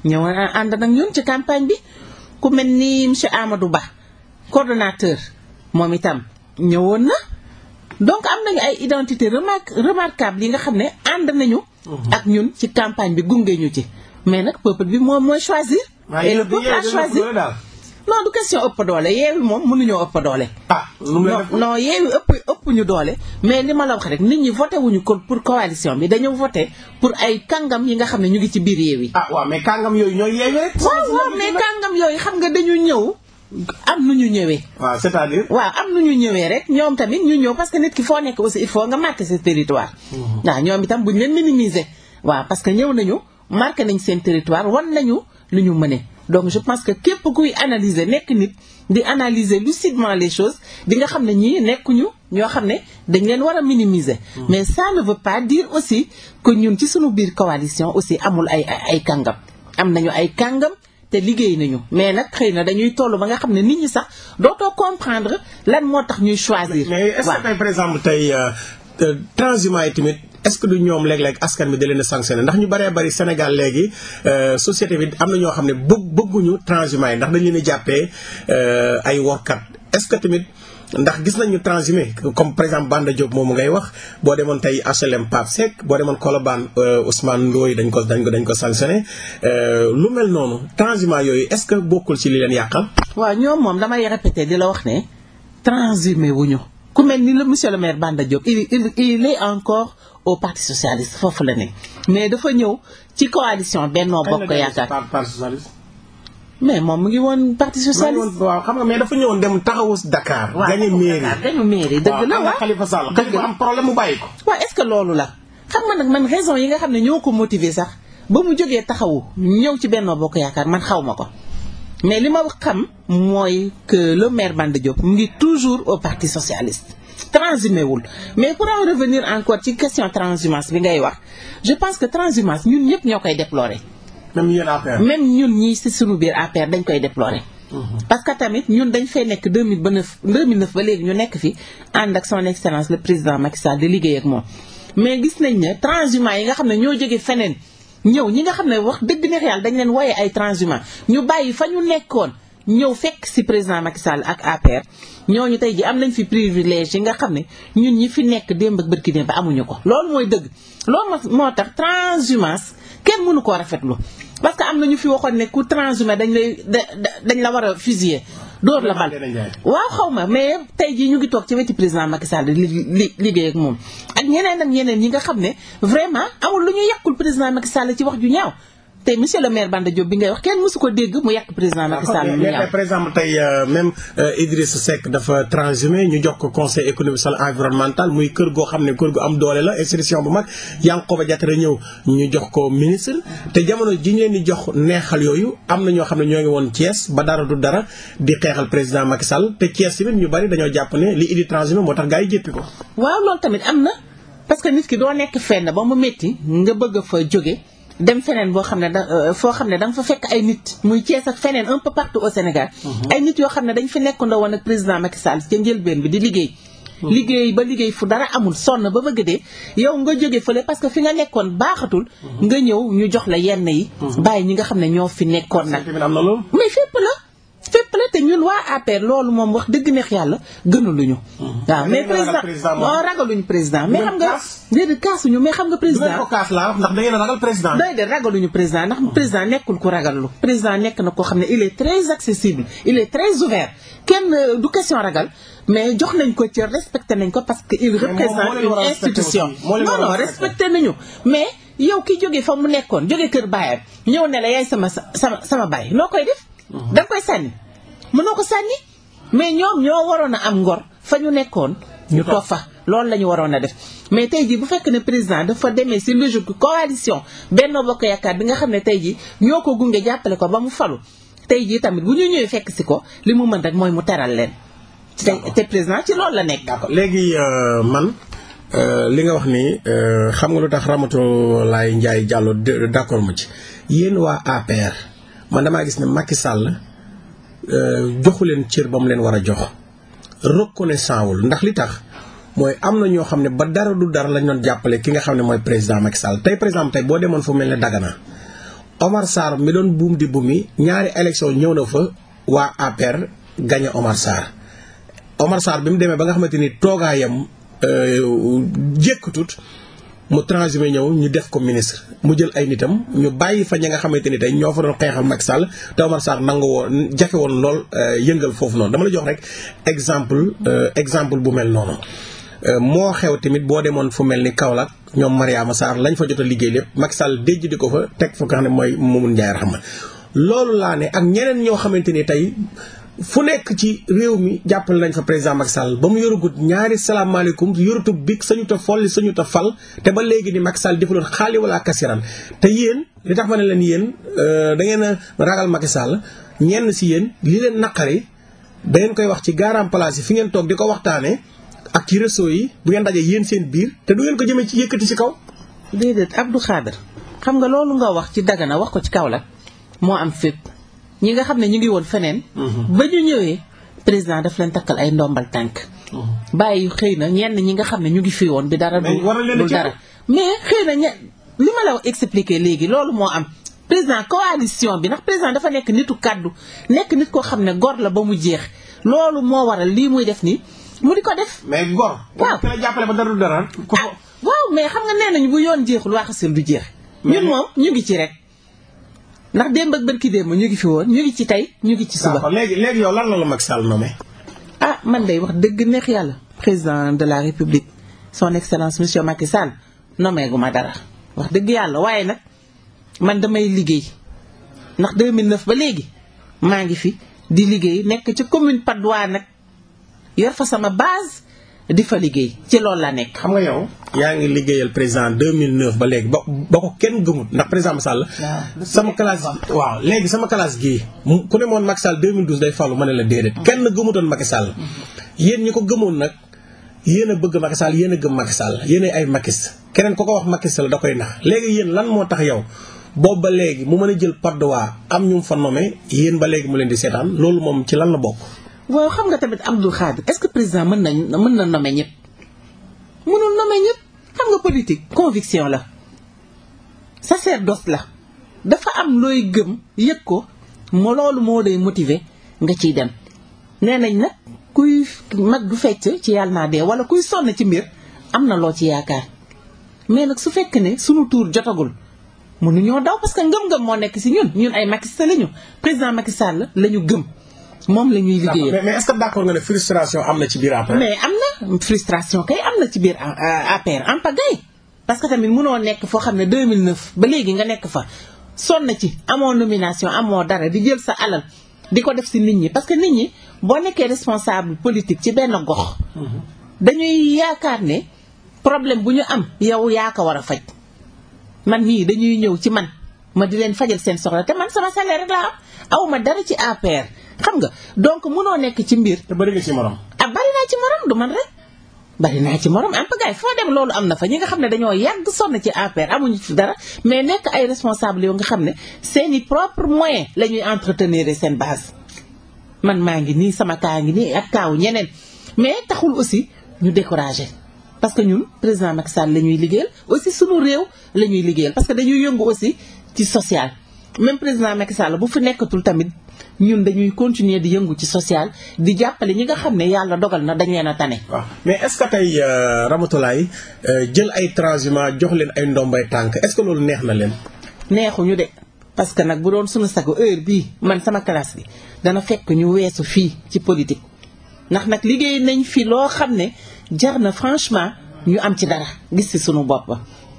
ñëwoon ànd nag ñun ci campagne bi ku mel ni monsieur Amadou Ba coordonnateur moom itam ñëwoon na donc am nañu ay identité remarque remarquable yi nga xam ne ànd nañu. ak ñun ci campagne bi gunge ñu ci mais nag peuple bi moom mooy choisir. et le peuple non du question ëpp doole yeewi moom mënuñoo ëpp doole. ah non non yeewi ëpp ëpp ñu doole. mais li ma la wax rek nit ñi voté wuñu ko pour coalition bi dañoo voté pour ay kàngam yi nga xam ne ñu ngi ci biir yeewi. ah waaw mais kàngam yooyu ñooy yeewi rek. yooyu xam nga dañu ñëw. am nu ñu ñëwee. waaw cest à am nu ñu ñëwee rek ñoom tamit ñu ñëw parce que nit ki foo nekk aussi il faut nga marqué sa territoire. Mhm. waaw ñoom itam buñ leen minimiser. waaw parce que ñëw nañu marqué nañ seen territoire wan nañu lu ñu mëne donc je pense que képp kuy analyser nekk nit di analyser lucidement les choses di xam ne ñii nekkuñu ñoo xam ne dañ leen war a minimiser. Hmm. mais ça ne veut pas dire aussi que ñun ci suñu biir coalition aussi amul ay ay kàngam am nañu ay kàngam. te liggéey nañu mais nag xëy na dañuy toll ba nga xam ne nit ñi sax dootoo comprendre lan moo tax ñuy choisir. mais est-ce que tey par exemple euh, euh, est-ce que du ñoom léeg-léeg askan bi da leen a sanctionné ndax ñu bëree bëri Sénégal léegi euh, société bi am na ñoo xam ne bëgg bëgguñu transhumants yi ndax dañ jàppee euh, ay workat est-ce que tamit ndax gis nañu transhumé comme par exemple Banda Diop moomu ngay wax boo demoon tey HLM Pape Seck boo demoon Colobane euh, Ousmane Ndoye dañ ko dañ ko dañ ko sanctionné lu mel noonu transhumant yooyu est-ce que bokkul ci li leen yàqal. waaw ñoom moom damay répété di la wax ne wu wuñu ku mel ni le monsieur le il est encore. au parti socialiste foofu la ne mais dafa ñëw ci coalition Benno Bokk Yaakaar mais moom mu ngi woon parti socialiste. waaw xam nga mais dafa ñëwoon dem taxawu Dakar. waaw gañu mairie dëgg la waaw Khalifa Sall am problème mu bàyyi ko. waaw est-ce que loolu la xam nga nag man raison yi nga xam ne ñoo ko motiver sax ba mu jógee taxawu ñëw ci Benno Bokk Yaakaar man xaw ma ko. mais li ma xam mooy que le maire Banda Diop mu ngi toujours au parti socialiste. transhumé wul mais pour en revenir encore ci question transhumance bi ngay wax je pense que transhumance ñun ñëpp ñoo koy déplorer. même yéen APR. même ñun ñii si suñu biir APR dañ koy déplorer. Mhm. parce que tamit ñun dañ fay nekk 2009 2009 ba léegi ñu nekk fi ànd ak son excellence le président Macky Sall di liggéey ak moom. mais gis nañ ne transhumants yi nga xam ne ñoo jóge feneen ñëw ñi nga xam ne wax dëgg neex yàlla dañ leen wooyee ay transhumants ñu bàyyi fa ñu nekkoon. ñëw fekk si président Macky Sall ak APR ñooñu tey ji am nañ fi privilège yi nga xam ne ñun ñi fi nekk démb ak bërki démb amuñu ko loolu mooy dëgg loolu moo tax transhumance kenn mënu koo rafetlu parce que am na ñu fi waxoon ne ku transhumé dañ lay dañ la war a fusiller dóor la bal waaw xaw ma mais tey jii ñu ngi toog ci wetu président Macky Sall di liggéey ak moom ak ñeneen ak ñeneen ñi nga xam ne vraiment amul lu ñu yàqul président Macky Sall ci wax ju ñaaw te monsieur le maire Banda Diop bi ngay wax kenn mësu ko dégg mu yàq président Macky Sall euh, euh, ñu jox ko conseil économique social environnemental muy kër goo xam ne kër gu am doole la institution bu mag Yankhoba Diattara ñëw ñu jox ko ministre te jamono ji ñu leen di jox neexal yooyu am na ñoo xam ne ñoo ngi woon cees ba dara du dara di xeexal président Macky Sall te Thiès tamit ñu bari dañoo jàpp ne li Idi transhumé moo tax gaa yi jéppi ko waaw loolu tamit am na parce nit ki doo nekk fenn ba mu métti nga bëgg fa jóge dem feneen boo xam ne da euh, foo xam ne da nga fa fekk ay nit muy Thiès ak feneen un peu au Sénégal. Mhm. ay nit yoo xam ne dañ fi nekk ndaw woon ak président Macky Sall ca njëlbeen bi di liggéey. Mhm. liggéey ba liggéey fu dara amul sonn ba bëgg dee yow nga jóge fële parce que fi nga nekkoon baaxatul. Mhm. nga ñëw ñu jox la yenn yi. bàyyi ñi nga xam ne ñoo fi nekkoon nag. mais fépp la. fépp la te ñun waa APR loolu moom wax dëgg neex yàlla gënaluñu. Mhm. waaw mais président moo ragaluñu président mais xam nga. déedéet kaasuñu mais xam nga président. du ko kaas laa wax ndax da président. doy de ragaluñu président ndax président nekkul ku ragallu président nekk na ko xam ne il est très accessible il est très ouvert kenn euh, du question ragal mais jox nañ ko cër respecté nañ ko parce que il représente une institution. non non respecté nañu mais. yow ki jóge fa mu nekkoon jóge kër baayam ñëw ne la yaay sama sama sama baay noo koy def. Mhm. da nga koy sànni mënoo ko sànni mais ñoom ñoo waroon a am ngor fa ñu nekkoon. ñu toog fa loolu la ñu waroon a def mais tey jii bu fekk ne président dafa demee si logique coalition Benno Bokk Yaakaar bi nga xam ne tey jii ñoo ko gunge jàppale ko ba mu falu tey jii tamit bu ñu ñëwee fekk si ko li mu mën rek mooy mu teral leen. te te président ci loolu la nekk. d'accord léegi euh, man euh, li nga wax ni euh, xam nga lu tax lay Ndiaye Diallo d'accord ma ci yéen waa APR. man damaa gis ne Macky Sall euh, joxu leen cër ba mu leen war a jox reconnaissant wul ndax li tax mooy am na ñoo xam ne ba dara du dara lañ doon jàppale ki nga xam ne mooy président Macky Sall tey par exemple tey boo demoon fu mel ne Dagana Omar Sarr mi doon buum di mi ñaari élection ñëw na fa waa APR gagné Omar Sarr Omar Sarr bi mu demee ba nga xamante ni toogaayam euh, jékkatut mu transhumé ñëw ñu def ko ministre mu jël ay nitam ñu bàyyi fa ña nga xamante ni tey ñoo fa doon xeexal Macky Sall te Omar Sarr nangu woon jafe woon lool euh, yëngal foofu noonu dama la jox rek exemple euh, exemple bu mel noonu euh, moo xew tamit boo demoon fu mel ni Kaolack ñoom Mariama Sarr lañ fa jot a liggéey lépp Macky Sall déjj di ko fa teg fa nga xam ne mooy Mamoun Ndiaye xam loolu laa ne ak ñeneen ñoo xamante ni tey fu nekk ci réew mi jàppale nañ fa président Macky Sall ba mu yorugut ñaari salaamaaleykum yorutub big sañu ta folli sañu ta fal te ba léegi ni Macky Sall defuloon xaali wala kasiran te yéen li tax ma ne leen yéen euh, da ngeen a ragal Macky Sall ñenn si yéen li leen naqari da koy wax ci garam yi fi ngeen toog di ko waxtaanee ak ci réseau yi bu ngeen dajee yéen seen biir te du ko jëmee ci yëkkati ci kaw. déedéet Abdou Khader xam nga loolu nga wax ci Dagana wax ko ci Kaolack moo am fépp ñi nga xam ne ñu ngi woon feneen. Mhm. ba ñu ñëwee président daf leen takkal ay ndombal tànk. Mhm. bàyyi xëy na ñenn ñi nga xam ne ñu ngi fi woon bi dara. du dara mais xëy na ña li ma la expliqué léegi loolu moo am. président coalition bi ndax président dafa nekk nitu kàddu nekk nit koo xam ne gor la ba mu jeex loolu moo waral lii muy def nii mu di ko def. mais gor. waaw jàppale ba dara du dara. Ah, waaw mais xam nga nee nañu bu yoon jeexul waaxasul du jeex. ñun moom ñu ngi ci rek. ndax démb ak barki démb ñu ngi fi woon ñu ngi ci tey ñu ngi ci suba. Ah, léegi léegi yow lan la la Macky Sall nommé. ah man day wax dëgg neex yàlla président de la république son excellence monsieur Macky Sall nommé gu ma dara wax dëgg yàlla waaye nag man damay liggéey ndax 2009 ba léegi maa ngi fi di liggéey nekk ci commune Patte d'Oie nag yor fa sama baas di fa liggéey ci loolu la nekk. xam nga yow yaa ngi liggéeyal président 2009 ba léegi ba ba ko kenn gëmut ndax président Macky Sall. Ah, sama classe waaw léegi sama classe gii. mu ku ne moon Macky Sall 2012 day falu ma ne la déedéet. Ah. kenn gëmutoon Macky Sall. Mm-hmm. yéen ñi ko gëmoon nag yéen a bëgg Macky Sall yéen gëm Macky Sall yéen ay Mackis keneen ku ko wax Macky Sall da koy nax léegi yéen lan moo tax yow. boobu ba léegi mu mën a jël Patte d'Oie am ñu mu fa nommé yéen ba léegi mu leen di seetaan loolu moom ci lan la bokk. waaw xam nga tamit Abdou Khadre est-ce que président mën nañ na nommer ñëpp mënul nommer ñëpp xam nga politique conviction la sacerdoce la dafa am looy gëm yëg ko moo loolu moo day motiver nga ciy dem nee nañ nag kuy mag du fecc ci yàlla naa dee wala kuy sonn ci mbir am na loo ci yaakaar mais nag su fekk ne sunu tuur jotagul mënuñoo daw parce que ngëm-ngëm moo nekk si ñun ñun ay Macky Sall lañu président Macky Sall la ñu gëm moom la ñuy liggéeyal. mais est-ce que d'accord nga ne frustration am na ci biir APR. mais am na frustration kay am na ci biir euh, APR en pagaille parce que tamit munoo nekk foo xam ne 2009 ba léegi nga nekk fa sonn ci amoo nomination amoo dara di jël sa alal di ko def si nit ñi parce que nit ñi boo nekkee responsable politique ci benn gox. Mm-hmm. dañuy yaakaar ne problème bu ñu am yow yaa ko war a faj man nii dañuy ñëw ci man ma di leen fajal seen soxla te man sama salaire rek laa am aw ma dara ci APR. xam nga donc munoo nekk ci mbir. te bari nga ci morom. a ah, bari naa ci morom du man rek bari ci morom am pagaay foo dem loolu am na fa ñi nga xam ne dañoo yàgg sonn ci APR amuñu ci dara mais nekk ay responsable yoo nga xam ne seeni propre moyen la ñuy entretenir seen base. man maa ngi nii sama kaa ngi nii ak kaaw ñeneen mais taxul aussi ñu découragé parce que ñun président Macky Sall la ñuy liggéeyal aussi sunu réew la ñuy liggéeyal parce que dañuy yëngu aussi ci social. même président Macky Sall bu nekkatul tamit ñun dañuy continuer di yëngu ci social di jàppale ñi nga xam ne yàlla dogal na dañ leen a tane. waaw mais est-ce que tey euh, Ramatoulaye euh, jël ay transhumants jox leen ay ndombay tànk est-ce que loolu neex na leen. neexu ñu de parce que nag bu doon sunu sago heure bii man sama classe bi dana fekk ñu weesu fii ci politique ndax nag liggéey nañ fi loo xam ne jar na franchement ñu am ci dara gis ci sunu bopp.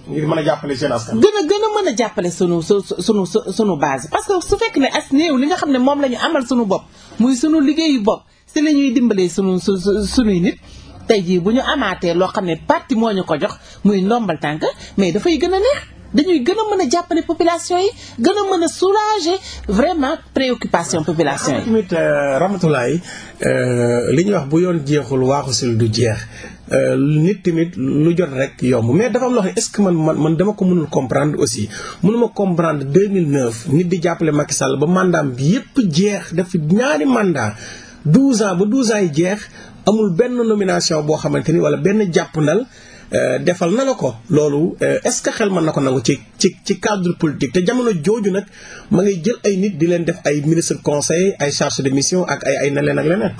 ngir mën jàppale seen askan. gën a gën a mën a jàppale sunu su sunu sunu base parce que su fekk ne as néew li nga xam ne moom la ñu amal sunu bopp muy sunu liggéeyu bopp si la ñuy dimbalee sunu su sunuy nit. tey jii bu ñu amaatee loo xam ne parti moo ñu ko jox muy ndombal tànk mais dafay gën a neex. dañuy gën a mën a jàppale population yi gën a mën a soulager vraiment préoccupation population yi. tamit euh, Ramatoulaye euh, li ñuy wax bu yoon jeexul waaxu si du jeex. Euh, nit tamit lu jot rek yomb mais dafa am loo xam ne est que man man man dama ko mënul comprendre aussi mënuma comprendre 2009 nit di jàppale Macky Sall ba mandaam bi yépp jeex def ñaari mandat 12 ans ba 12 ans yi jeex amul benn nomination boo xamante ni wala benn jàpp jàppandal Euh, defal na la ko loolu euh, est-ce que xel mën na ko nangu ci ci ci cadre politique te jamono jooju nag ma ngay jël ay nit di leen def ay ministre conseil ay chargé de mission ak ay ay na leen ak leneen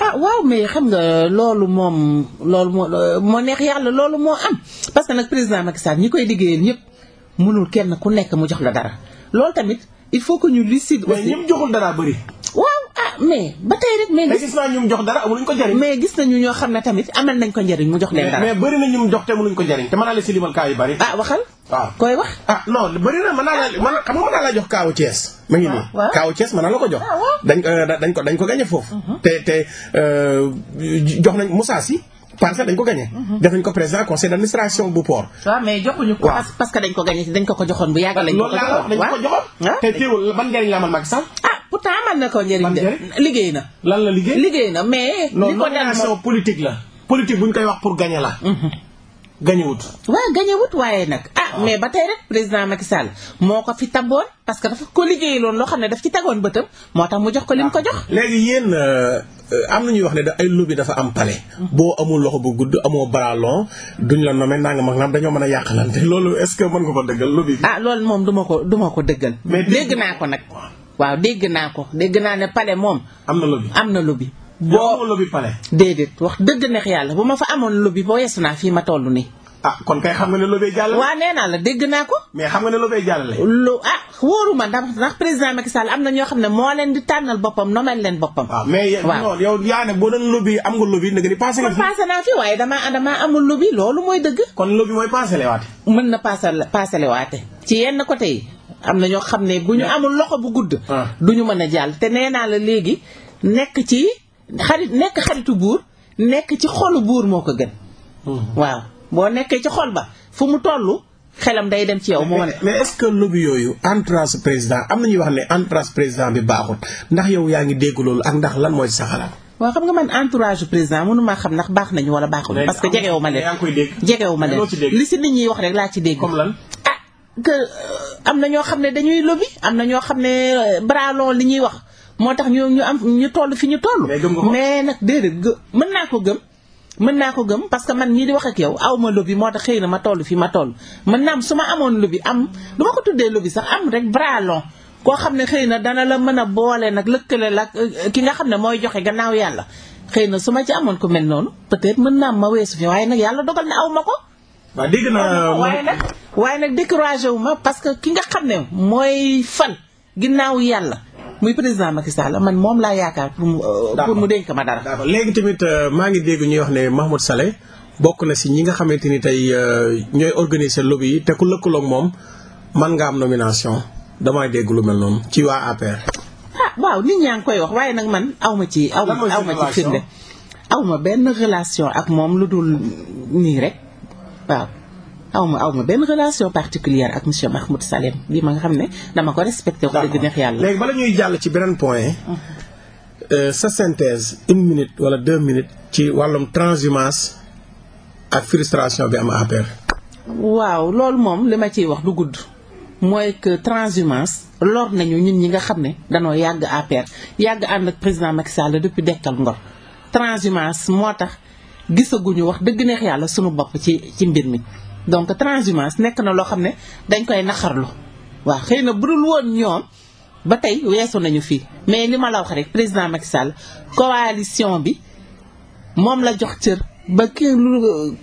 ah waaw mais xam nga loolu moom loolu moo moo neex yàlla loolu moo am parce que nag président Macky Sall ñi koy liggéeyal ñëpp mënul kenn ku nekk mu jox la dara loolu tamit il faut que ñu lucide aussi mais joxul dara bëri mais ba tey rek mais gis naa ñu jox dara mënuñ ko jëriñ mais gis nañu ñoo xam ne tamit amal nañ ko njariñ mu jox leen dara mais bëri na ñu jox te mënuñ ko jëriñ ah, waaw ah. koy wax ah xam nga mën naa jox kaawu Thiès ma ngi nii ah, la ko jox dañ euh, dañ ko dañ ko gañe foofu mhm. te te euh, jox nañ Moussa si parce que dañ ko gagné. Mhm. def nañ ko président conseil d' bu port. waaw mais joxuñu ko. parce que dañ ko gagné ko joxoon bu yàgg. lañ ko ko joxoon loolu laa wax dañ ko ko la amal Macky Sall. pour temps amal na ko njëriñ de liggéey na. lan la liggéey liggéey na mais. li ko politique la. politique bu koy wax pour gagner la. Mhm. gañewut waaw gañewut waaye nag ah, ah mais ba tey président Macky Sall moo ko fi taboon parce que dafa ko liggéey loon loo xam ne daf ci tagoon bëtam moo tax mu jox ko li ko jox ah. léegi yéen euh, am na ñuy wax ne da ay lobby dafa am palais mm-hmm. boo amul loxo bu gudd amoo bras long duñ la nommer nanga mag naam dañoo mën a yàqalante loolu est-ce que mën nga ko dëggal lobby bi ah loolu moom duma ko duma ko dëggal dégg naa ko nag waaw dégg naa ko dégg naa ne palais moom. am na lobby am na lobby. boo lobby palais. déedéet wax dëgg neex yàlla bu ma fa amoon lobby boo yeesu naa fii ma toll nii. ah kon kay xam nga ne lobby jàllale. waaw nee naa la dégg naa ko. mais xam nga ne lobby jàllale. lu ah wóoru ma ndax ndax Sall am na ñoo xam ne moo leen di tànnal boppam nomel leen boppam. Ah, waaw mais non yow yaa ne boo doon am nga lobby nga ni passé nga fi. passé naa fi waaye damaa damaa amul lobby loolu mooy dëgg. kon lobby mooy passé le waate. mën na passé passé le waate. ci yenn côté yi am na ñoo xam ne bu ñu amul loxo bu gudd. Ah. du ñu mën a jàll te nee naa la léegi nekk ci xarit nekk xaritu buur nekk ci xolu buur moo ko gën. Mm-hmm. waaw boo nekkee ci xol ba fu mu toll. xelam day dem ci yow moo ne. mais est lobby yooyu entourage président am na ñuy wax ne entourage président bi baaxul ndax yow yaa ngi dégg loolu ak ndax lan mooy sa xalaat. waaw xam nga man entourage président mënu maa xam ndax baax nañu wala baaxul. parce que jegewu ma leen jegewu ma wax rek laa ci dégg. comme lan que euh, am na ñoo xam ne dañuy lobby am na ñoo xam ne euh, bras long li ñuy wax moo tax ñu ñu am ñu toll fi ñu toll. mais nag déedéet gë mën naa ko gëm. mën naa ko gëm parce que man ñii di wax ak yow aw ma moo tax xëy na ma toll fi ma toll mën naa am su ma amoon lobby am du ko tuddee lobby sax am rek bras koo xam ne xëy na dana la mën a boole nag lëkkale la euh, ki nga xam ne mooy joxe gannaaw yàlla xëy na su ma ci amoon ko mel noonu peut-être mën naa ma weesu fi waaye nag yàlla dogal na aw ko. waaw dégg naa waaye nag waaye nag découragé wu ma parce que ki nga xam ne mooy fan ginnaaw yàlla muy président Macky Sall man moom laa yaakaar pour mu. Euh, pour dénk ma dara. léegi tamit euh, maa ngi dégg ñuy wax ne Mahmoud Saleh bokk na si ñi nga xamante ni tey euh, ñooy organiser lobby yi te ku lëkkaloog moom man nga am nomination damaa dégg lu mel noonu ci waa APR. ah waaw nit ñaa ngi koy wax waaye nag man aw ma ci. aw ma ci firnde aw ma benn relation ak moom lu dul nii rek. waaw aw ma aw ma benn relation particulière ak monsieur Mahmoud Salem bi ma nga xam ne dama ko respecté wax dëgg neex yàlla léegi bala ñuy jàll ci euh, sa synthèse une wala deux minutes ci wàllum transhumance ak frustration bi am APR waaw loolu moom li ciy wax du gudd mooy que transhumance lor nañu ñun ñi nga xam ne danoo yàgg APR yàgg ànd ak président Macky Sall depuis dekkal ngor transhumance moo tax gisaguñu wax dëgg neex yàlla sunu bopp ci ci mbir mi donc transhumance nekk na loo xam ne dañ koy naxarlu waaw xëy na bu dul woon ñoom ba tey weesu nañu fii mais li ma la wax rek président Macky Sall coalition bi moom la jox cër ba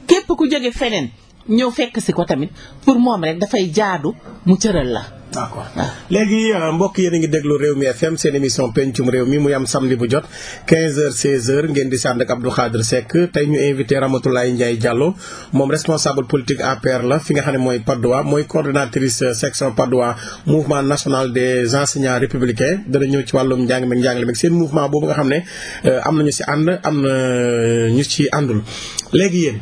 képp ku jóge feneen ñëw fekk si ko tamit pour moom rek dafay jaadu mu cëral la d' accord léegi euh, mbokk yéen a ngi déglu réew mi FM seen émission pencum réew mi mu am samedi bu jot 15h 16h ngeen di sànd ak Abdou Khadre Seck tey ñu invité ramatul Ramatoulaye Ndiaye Diallo moom responsable politique APR la fi nga xam ne mooy PADWA mooy coordonnatrice section PADWA mouvement national des enseignants républicains dana ñëw ci wàllum njàng meeg njàngale meeg seen mouvement boobu nga xam ne euh, am na ñu si ànd am na euh, ñu ci àndul léegi yéen.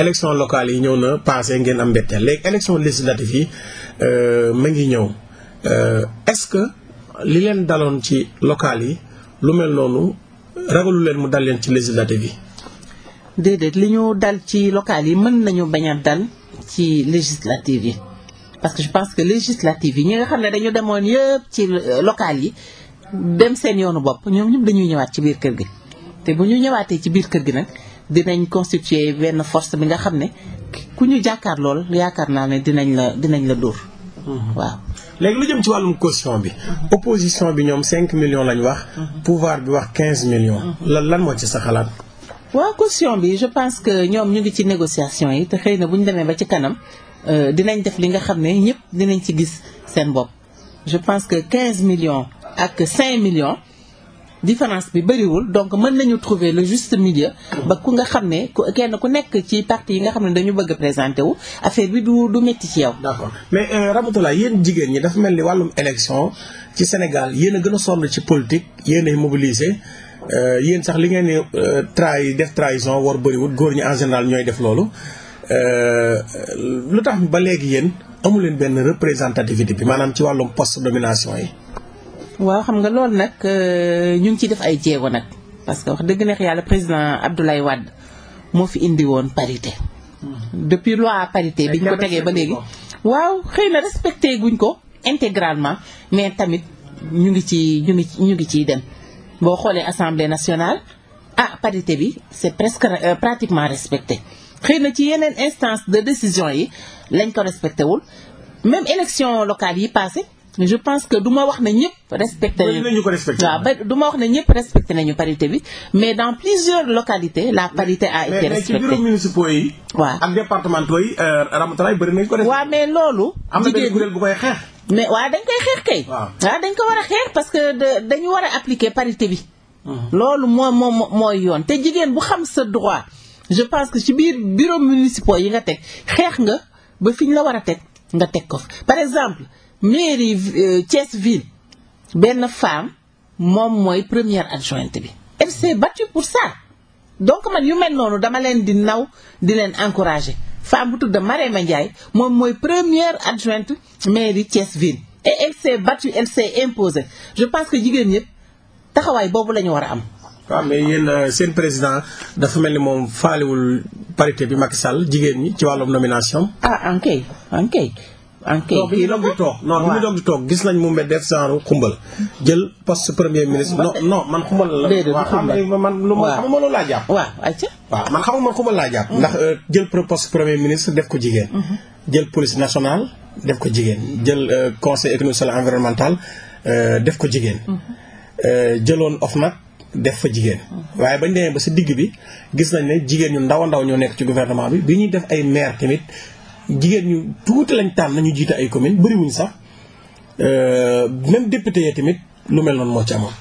élection locale yi ñëw na passé ngeen am mbetteel léegi élection législative yi euh, ma ngi ñëw euh, est-ce que li leen daloon ci locale yi lu mel noonu ragalu leen mu dal leen ci législative yi. déedéet li ñu dal ci locale yi mën nañu bañ a dal ci législative yi parce que je pense que législative yi ñi nga xam ne dañu demoon yëpp ci euh, locale yi dem seen yoonu bopp ñoom ñëpp dañuy ñëwaat ci biir kër gi te bu ñu ñëwaatee ci biir kër gi nag. dinañ constituer benn force bi nga xam ne ku ñu jàkkaar lool yaakaar naa ne dinañ la dinañ la dóor. Mm-hmm. waaw léegi lu jëm ci wàllum caution bi. Mm-hmm. opposition bi ñoom 5 millions lañ wax. Mm-hmm. pouvoir bi wax 15 millions. lan lan moo ci sa xalaat. waaw caution bi je pense que ñoom ñu ngi ci négociation yi te xëy na bu ñu demee ba ci kanam euh, dinañ def li nga xam ne ñëpp dinañ ci gis seen bopp. je pense que 15 millions ak 5 millions. différence bi bëriwul donc mën nañu trouver le juste milieu ba ku nga xam ne kenn ku nekk ci parti yi nga xam ne dañu bëgg présenté wu affaire bi du du métti ci yow d'accord mais euh, Ramatoulaye yéen jigéen ñi dafa mel ni wàllum élection ci Sénégal yéen gën a sonn ci politique yéen a mobilisé euh, yéen sax li ngeen ni euh, trahi def trahison war bëriwul góor ñi en ñooy def loolu lu tax ba léegi yéen amu leen benn représentativité bi maanaam ci wàllum poste domination yi waaw xam nga loolu nag euh, ñu ngi ciy def ay jéego nag parce que wax dëgg neex yàlla président Abdoulaye Wade moo fi indi woon parité. depuis loi parité bi ñu ko tegee ba léegi. waaw xëy na respecté guñ ko intégralement mais tamit ñu ngi ci ñu ngi ñu ngi ciy dem boo xoolee assemblée nationale ah parité bi c'est presque euh, pratiquement respecté xëy na ci yeneen instance de décision yi lañ ko respecté wul même élection locale yi passé je pense que du ma wax ne ñëpp respecté nañu waaw ba ma wax ne ñëpp respecté nañu parité bi mais dans plusieurs localités la parité a été respectée mais ci bureau municipaux yi waaw ak départementaux yi euh, ramatalaay ko def waaw mais loolu am na benn kuréel bu koy xeex mais waaw dañ koy xeex kay waaw dañ ko war a xeex parce que dañu war a appliquer parité bi loolu moo moom mooy yoon te jigéen bu xam sa droit je pense que ci biir bureau municipaux yi nga teg xeex nga ba fi ñu la war a teg nga teg ko par exemple mairie euh, Thiès ville benn femme moom mooy première adjointe bi. elle s'est battue pour ça donc man yu mel noonu dama leen di naw di leen encourager femme bu tudd Marème Ndiaye moom mooy première adjointe mairie Thiès ville. et elle s'est battue elle s'est imposée je pense que jigéen ñëpp taxawaay boobu la ñu war a am. waaw mais yéen euh, seen président dafa mel ni moom faalewul parité bi Macky Sall jigéen ñi ci wàllum nomination. ah ok ok. ok ah, non bi ñu doog di toog non bi ñu doog di toog gis nañ mu mel def xumbal jël poste premier ministre non non man xumbal ma xamuma loolu laa jàpp waaw ayca waaw man xamuma man xumbal laa jàpp mm. ndax euh, jël poste premier ministre def ko jigéen mm-hmm. jël police nationale def ko jigéen jël euh, conseil économique social environnemental euh, def ko jigéen mm-hmm. jëloon OFNAC def fa jigéen mm-hmm. waaye bañ demee ba si digg bi gis nañ ne jigéen ñu ndaw ndaw ñoo nekk ci gouvernement bi bi ñuy def ay maire tamit jigéen ñu tuuti lañ tànn nañu jiite ay commune bëriwuñ sax euh, même député ya tamit lu mel noonu moo ci amoon.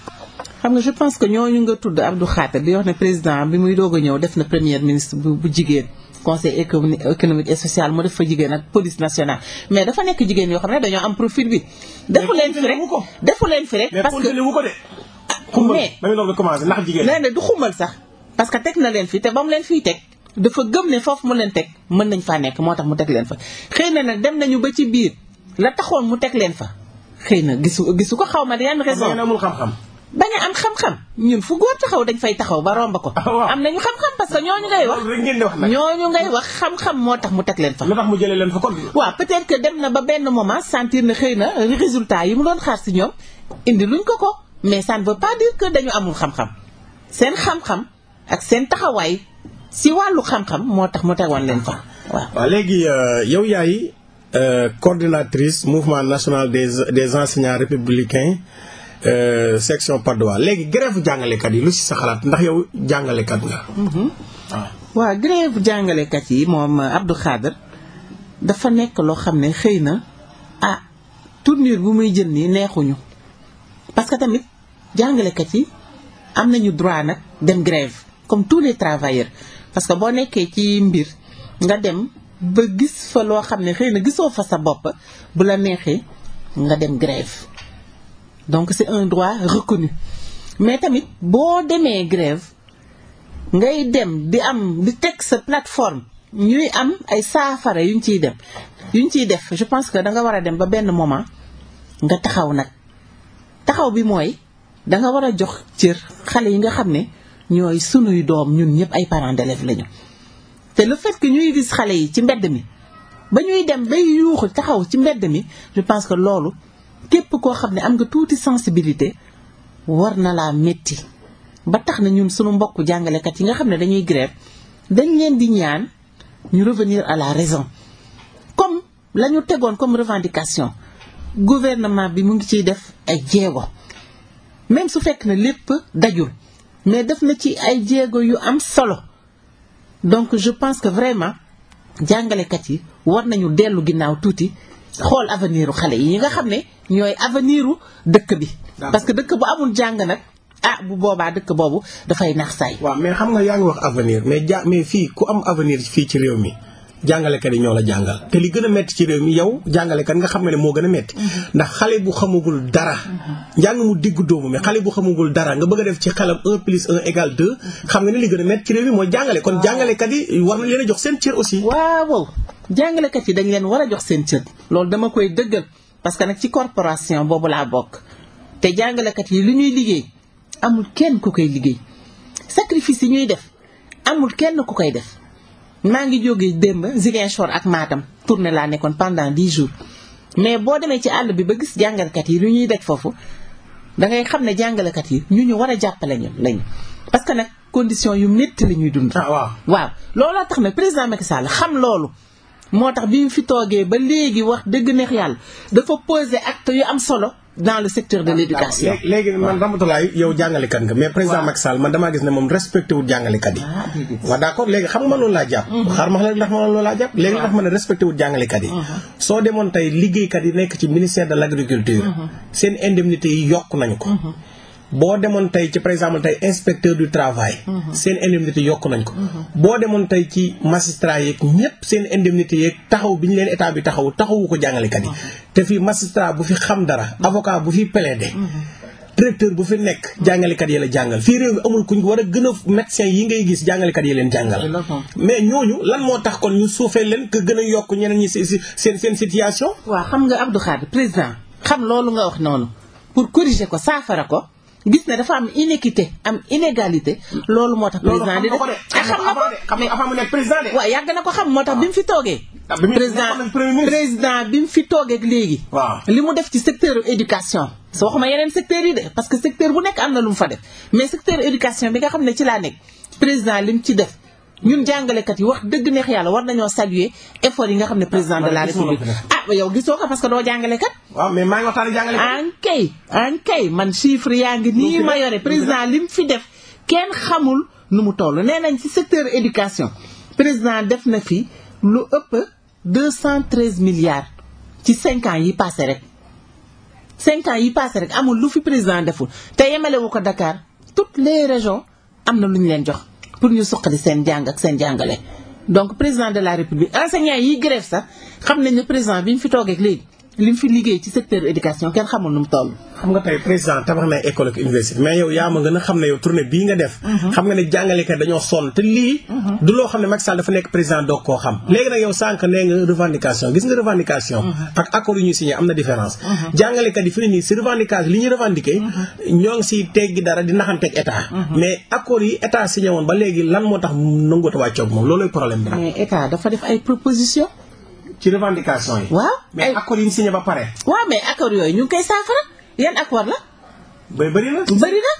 xam nga je pense que ñoo ñooñu nga tudd Abdou Khater di wax ne président bi muy doog ñëw def na premier ministre bu jigéen. conseil économique et social mu def fa jigéen ak police nationale mais dafa nekk jigéen yoo xam ne dañoo am profil bi. defu leen fi rek defu leen fi rek. parce que mais wu jigéen. du xumbal sax parce que teg na leen fi te ba mu leen teg. dafa gëm ne foofu mu leen teg mën nañ faa nekk moo tax mu teg leen fa xëy na nag dem nañu ba ci biir la taxoon mu teg leen fa xëy na gisu gisu ko xaw ma yan raison amul xam-xam bañ am xam-xam ñun fu góor taxaw dañ fay taxaw ba romb ko ah, am nañu xam-xam parce que ñooñu ngay wax ñooñu ngay wax xam-xam moo tax mu teg leen fa lu tax mu jëlee leen fa kon waaw peut-être que dem na ba benn moment sentir ne xëy na résultat yi mu doon xaar si ñoom indi luñ ko ko mais ça ne veut pas dire que dañu amul xam-xam seen xam-xam ak seen taxawaay si wàllu xam-xam moo tax mu tegoon leen fa waaw. waaw léegi euh, yow yaay euh, coordinatrice mouvement national des des enseignants républicains euh, section Patte d'Oie léegi grève jàngalekat yi lu si sa xalaat ndax yow jàngalekat nga. waa mhm. ah. waaw grève jàngalekat yi moom Abdou Khader dafa nekk loo xam ne xëy na ah tournure bu muy jël nii neexuñu parce que tamit jàngalekat yi am nañu droit nag dem grève comme tous les travailleurs parce que boo nekkee ci mbir nga dem ba gis fa loo xam ne xëy na gisoo fa sa bopp bu la neexee nga dem grève donc c'est un droit reconnu mais tamit boo demee grève ngay dem di am di teg sa plateforme ñuy am ay saafara yuñ ciy dem yuñ ciy def je pense que da nga war a dem ba benn moment nga taxaw nag taxaw bi mooy da nga war a jox cër xale yi nga xam ne ñooy sunuy doom ñun ñëpp ay parents d'élèves lañu. te le fait que ñuy gis xale yi ci mbedd mi ba ñuy dem bay yuuxu taxaw ci mbedd mi je pense que loolu képp koo xam ne am nga tuuti sensibilité war na laa métti ba tax na ñun sunu mbokku jàngalekat yi nga xam ne dañuy grève dañ leen di ñaan ñu revenir à la raison comme la ñu tegoon comme revendication gouvernement bi mu ngi ciy def ay jéego même su fekk na lépp dajul mais def na ci ay jéego yu am solo donc je pense que vraiment jàngalekat yi war nañu dellu ginnaaw tuuti xool aveniru xale yi nga xam ne ñooy aveniru dëkk bi. parce que dëkk bu amul jàng nag ah bu boobaa dëkk boobu dafay naax saay. waaw mais xam nga yaa ngi wax avenir mais ja mais fii ku am avenir fii ci réew mi. jàngalekat yi ñoo la jàngal te li gën a métti ci réew mi yow jàngalekat nga xam nga ne moo gën a métti mm-hmm. ndax xale bu xamagul dara mm-hmm. njàng mu diggu doomu mi xale bu xamagul dara nga bëgg a def ci xelam un plus un égal deux xam nga ne li gën a métti ci réew mi mooy jàngale kon jàngalekat yi war na leen a jox seen cër aussi waaw jàngalekat yi dañ leen war a jox seen cër loolu dama koy dëggal parce que nag ci corporation boobu laa bokk te jàngalekat yi lu ñuy liggéey amul kenn ku koy liggéey sacrifice yi ñuy def amul kenn ku koy def maa ngi jógee démb Ziguinchor ak Matam tournée laa nekkoon pendant dix jours mais boo demee ci àll bi ba gis jàngalekat yi lu ñuy daj foofu da ngay xam ne jàngalekat yi ñu ñu war a jàppale ñu lañu parce que nag condition yu métti la ñuy dund. Ah, waaw waaw looloo tax nag président Macky Sall xam loolu. moo tax bi mu fi toogee ba léegi wax dëgg neex yàlla dafa poser acte yu am solo. dans le secteur de l'éducation léegi man Ramatoulaye yow jàngalekat nga mais président Macky Sall man damaa gis ne moom respecté jàngalekat yi ah, waaw d'accord léegi xam nga man loolu laa jàpp mm-hmm. xaar ma xam ne ndax man loolu laa jàpp mm-hmm. léegi ndax man respecté wul jàngalekat yi mm-hmm. soo demoon tey liggéeykat yi nekk ci ministère de l'agriculture seen indemnité yi yokk nañu ko boo demoon tey ci par exemple tey inspecteur du travail. Mhm. seen indemnité yokk nañ ko. Mhm. boo demoon tey ci magistrat yeeg ñëpp seen indemnité yeeg taxaw bi ñu leen état bi taxaw taxawu ko jàngalekat yi. Mhm. te fii magistrat bu fi xam dara. avocat bu fi plaider. directeur bu fi nekk jàngalekat yi la jàngal fii réew mi amul kuñ war a gën a médecin yi ngay gis jàngalekat yi leen jàngal mais ñooñu lan moo tax kon ñu suufee leen que gën a yokk ñeneen ñi si seen seen situation waaw xam nga Abdou Khadre président xam loolu nga wax noonu pour corriger ko saafara ko gis ne dafa am inéquité am inégalité. loolu moo tax président di def xam na ko xam na avant waaw yàgg na ko xam moo tax bi mu fi toogee. Ah, président président bi mu fi toogeeg léegi. waaw li mu def ci secteur éducation. soo waxuma yeneen secteur yi de parce que secteur bu nekk am na lu mu fa def mais secteur éducation bi nga xam ne ci laa nekk président li mu ci def. ñun jàngalekat yi wax dëgg neex yàlla war nañoo saluer effort yi nga xam ne président de la république ah yow gisoo ko parce que doo jàngalekat. waaw mais maa ngi waxtaan jàngalekat. ankay ankay man chiffre yaa ngi nii ma yore président li mu fi def kenn xamul nu mu toll nee nañ ci secteur éducation président def na fi lu ëpp deux cent treize milliards ci cinq yi passé rek. cinq yi passé rek amul lu fi président deful te ko Dakar toutes les régions am na lu ñu leen jox. pour ñu suqali seen jàng ak seen jàngale donc président de la république enseignants yi grève sax xam nañ ne président bi ñu fi toogee léegi li mu fi liggéey ci secteur éducation kenn xamul nu mu toll. xam nga tey président tabax na école ak université mais yaa ma gën a xam ne yow tournée bii nga def. Mhm. xam nga ne jàngalekat dañoo sonn te lii. Mhm. du loo xam ne Macky dafa nekk président doog koo xam. Mhm. léegi nag yow sànq nee nga revendication gis nga revendication. ak accord yu ñuy signé am na différence. jàngalekat yi fi nii si revendication li ñuy revendiqué. ñoo ngi siy teggi dara di naxanteeg lan moo tax nanguut a wàccoog moom loolooy problème bi. ci revendication yi. waaw mais accords yi ñu signé ba pare. waaw mais accords yooyu ngi koy saafara yan accord la. bay bëri na.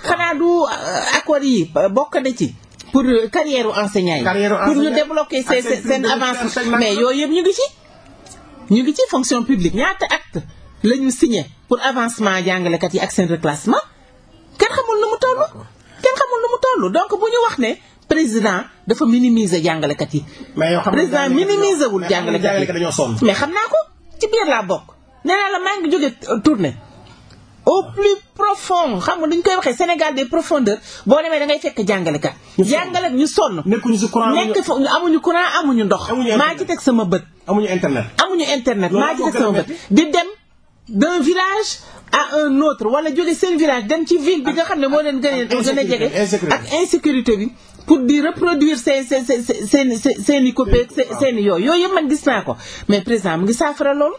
xanaa du euh, accords yi bokk na ci. pour euh, carrière enseignant yi. pour ñu débloquer seen avance mais yooyu yëpp ñu ngi ci. ñu ngi ci fonction publique ñaata acte la ñu pour avancement jàngalekat yi ak seen reclassement kenn xamul nu mu toll. kenn xamul nu mu toll donc bu ñu wax ne. président dafa minimiser jàngalekat yi. mais yoo xam ne président minimiser wul jàngalekat yi dañoo sonn. mais xam naa ko ci biir laa bokk nee la maa ngi jóge euh, tournée au plus profond xam nga dañ koy waxee Sénégal des profondeurs boo demee da ngay fekk jàngalekat. jàngalekat ñu sonn. nekkuñu si courant nekk amuñu courant amuñu ndox. maa ci teg sama bët. amuñu internet. amuñu internet maa ci teg sama bët di dem d'un village. à un autre wala jóge seen village dem ci ville bi nga xam ne moo leen gën a ah, gën a jege ak insécurité bi pour di reproduire seen seen seen seen i copé yooyu yooyu yëpp man gis naa ko mais président mu ngi saafara loolu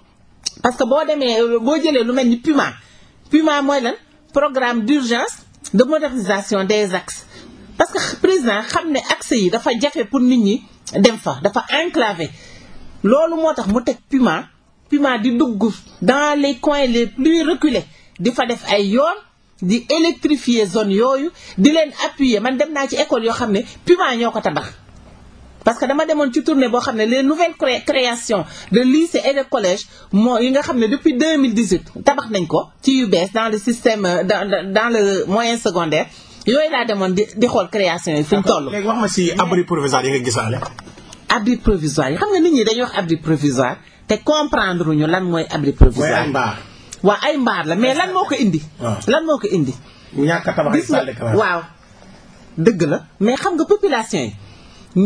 parce que boo demee euh, boo jëlee lu mel ni PUMA PUMA mooy lan programme d'urgence de modernisation des axes parce que président xam ne accès yi dafa jafe pour nit ñi dem fa dafa enclavé loolu moo tax mu teg PUMA Puma di dugg dans les coins les plus reculés di fa def ay yoon di électrifier zone yooyu di leen appuyer man dem naa ci école yoo xam ne Puma ñoo ko tabax. parce que dama demoon ci tourner boo xam ne les nouvelles créations de lycée et de collège moo yi nga xam ne depuis 2018 tabax nañ ko ci yu bees dans le système euh, dans dans le moyen secondaire yooyu laa demoon di di xool création yi. fi mu toll wax ma si abri provisoire yi nga gisaale. abri provisoire yi xam nga nit ñi dañuy wax abri provisoire. te comprendre ñu lan mooy abri provisoire. mooy ay mbaar. la mais lan moo ko indi. Ah. lan moo ko indi. ñàkk a tabax salle de classe waaw. dëgg la mais xam nga population yi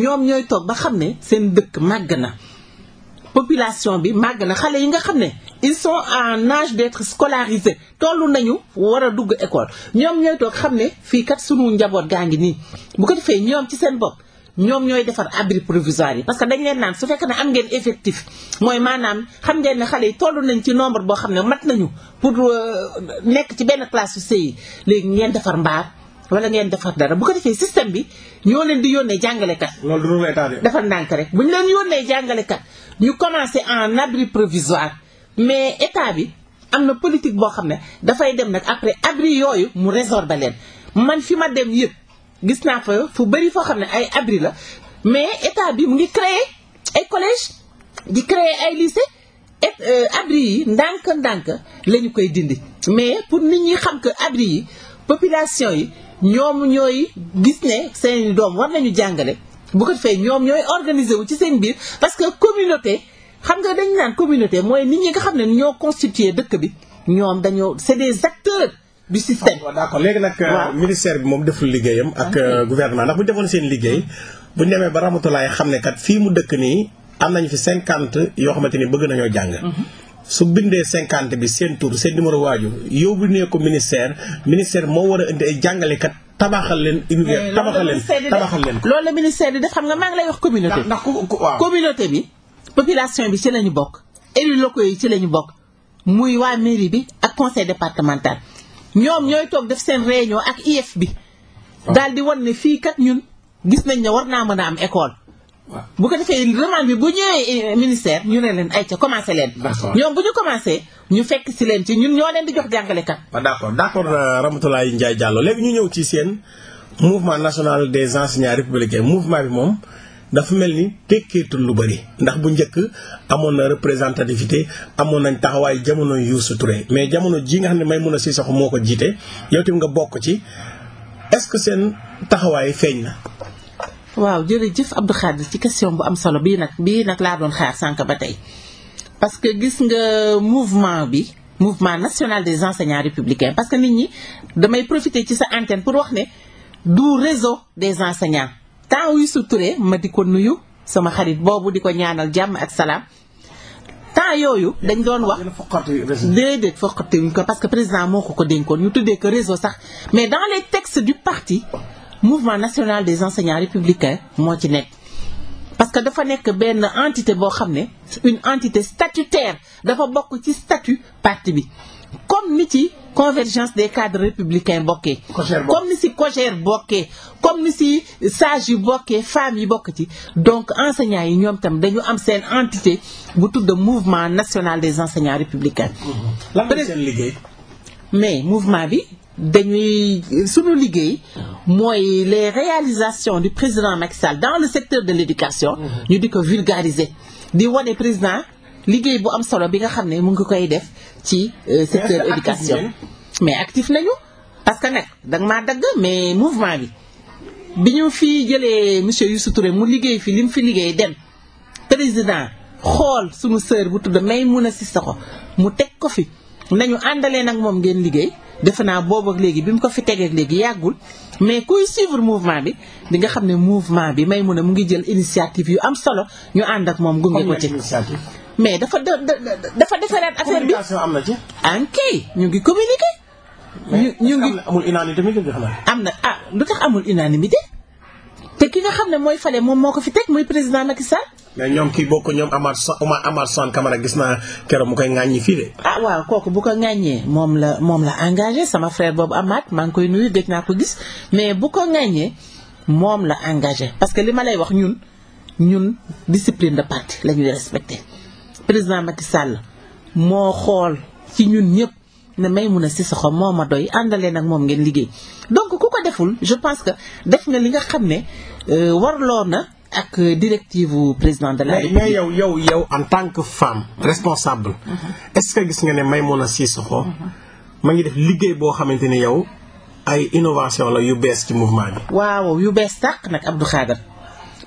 ñoom ñooy toog ba xam ne seen dëkk màgg na. population bi màgg na xale yi nga xam ne ils sont en âge d'être scolarisés toll nañu war a dugg école ñoom ñooy toog xam ne fii kat sunu njaboot gaa ngi nii bu ko defee ñoom ci seen bopp. ñoom ñooy defar abri provisoire yi parce que dañ leen naan su fekkee ne am ngeen effectif mooy maanaam xam ngeen ne xale yi tollu nañ ci nombre boo xam ne mat nañu pour euh, nekk ci benn classe su yi léegi ngeen defar mbaar wala ngeen defar dara bu ko defee système bi ñoo leen di yónnee jàngalekat. loolu du état de. defar ndànk rek bu ñu leen yónnee jàngalekat ñu commencé en abri provisoire mais état bi am na politique boo xam ne dafay dem nag après abri yooyu mu résorber leen man fi ma dem yëpp. gis naa fa fu bëri foo xam ne ay abri la mais état bi mu ngi créer ay collège di créer ay lycée et euh, abri yi ndànk-ndànk la ñu koy dindi mais pour nit ñi xam que abri yi population yi ñoom ñooy gis ne seen doom war nañu jàngale bu ko defee ñoom ñooy organiser wu ci seen biir parce que communauté xam nga dañ naan communauté mooy nit ñi nga xam ne ñoo constituer dëkk bi ñoom dañoo c'est des acteurs du système. waaw d'accord léegi nag. Euh, ministère bi moom deful liggéeyam. ak ah, euh, gouvernement ndax bu defoon seen liggéey. Ah. bu ñu demee ba Ramatoulaye xam ne kat fii mu dëkk nii am nañu fi cinquante yoo xamante ni bëgg nañoo jàng. Mhm. su bindee cinquante bi seen tour seen numéro waajur yóbbu nee ko ministère ministère moo war a indi ay jàngalekat. tabaxal leen eh, univers tabaxal leen tabaxal leen loolu la ministère di def xam nga maa ngi lay wax communauté ndax bi population bi ci la ñu bokk élus locaux yi ci la bokk muy waa bi ak conseil départemental ñoom ñooy toog def seen réunion ak if bi. Ah. daal di wan ne fii kat ñun gis nañ ne war naa mën a am école. Ah. bu ko defee demande bi bu ñëwee eh, ministère ñu ne leen ay ca commencé leen. ñoom bu ñu commencé ñu fekk si leen ci ñun ñoo leen di jox jàngalekat. kat ah, d' accord d' accord euh, Ramatoulaye Ndiaye Diallo léegi ñu ñëw ci seen mouvement national des enseignants républicains mouvement bi moom. dafa mel ni tekkeetul lu bëri ndax bu njëkk amoon na représentativité amoon nañ taxawaay jamono Youssou Touré mais jamono ji nga xam ne Maimouna Sissoko moo ko jiite yow tamit nga bokk ci est-ce que seen taxawaay feeñ na. waaw jërëjëf Abdou Khadir ci question bu am solo bii nag bii nag laa doon xaar sànq ba tey parce que gis nga mouvement bi. mouvement national des enseignants républicains parce que nit ñi damay profiter ci sa antenne pour wax ne du réseau des enseignants temps Youssou Touré ma di ko nuyu sama xarit boobu di ko ñaanal jàmm ak salaam temps yooyu dañ doon wax déedéet foqate wuñ ko parce que président moo ko ko dénkoon ñu tuddee que réseau sax mais dans les textes du parti mouvement national des enseignants républicains moo ci nekk parce que dafa nekk benn entité boo xam ne une entité statutaire dafa bokk ci statut parti bi comme ni ci convergence des cadres républicains bokkee comme ni si COJER bokkee comme ni si sage yu bokkee femmes yi bokk donc enseignants yi ñoom tam dañu am seen entité bu tudd mouvement national des enseignants républicains mhm. lan mooy seen liggéey mais mouvement bi dañuy suñu liggéey mooy les réalisations du président Macky Sall dans le secteur de l'éducation mhm. ñu di ko vulgariser di wane président liggéey bu am solo bi nga xam ne mu ngi koy def ci euh, secteur éducation mais actif nañu parce que nag danga maa dagg mais mouvement bi bi ñu fi jëlee monsieur Youssou Touré mu liggéey fii li mu fi liggéey dem président xool sunu sœur bu tudd Maïmouna Sissoko mu teg ko fi nañu àndalee nag moom ngeen liggéey defe naa boobu ak léegi bi mu ko fi tegee ak léegi yàggul mais kuy suivre mouvement bi di nga xam ne mouvement bi may mun a mu ngi jël initiative yu am solo ñu ànd ak moom gunge ko ci mais dafa dafa defaraat affaire bi communication am na ci. ankay ah, ñu ngi communiquer. ñu ñu ngi amul unanimité am na ah lu tax amul unanimité te ki nga xam ne mooy fale moom moo ko fi teg muy président Macky Sall. mais ñoom kii bokk ñoom Amath Son Amath Son Camara gis naa keroog mu koy ŋàññi fii de. Ah, kooku bu ko ŋàññee moom la moom la engagé sama frère boobu Amath maa ngi koy nuyu gëj naa ko gis mais bu ko ŋàññee moom la engagé parce que li ma lay wax ñun ñun discipline de parti la ñuy respecté. président Macky Sall moo xool ci ñun ñëpp ne Maïmouna Sissokho moo ma doy àndalee nag moom ngeen liggéey donc ku ko deful je pense que def nga li nga xam ne euh, warloo na ak directive wu président de la yow yow yow en tant que femme responsable. Mm-hmm. est-ce que gis nga ne Maïmouna mm-hmm. ma ngi def liggéey boo xamante ni yow ay innovation la yu bees ci mouvement bi. waaw yu bees tàq nag Abdou Khadre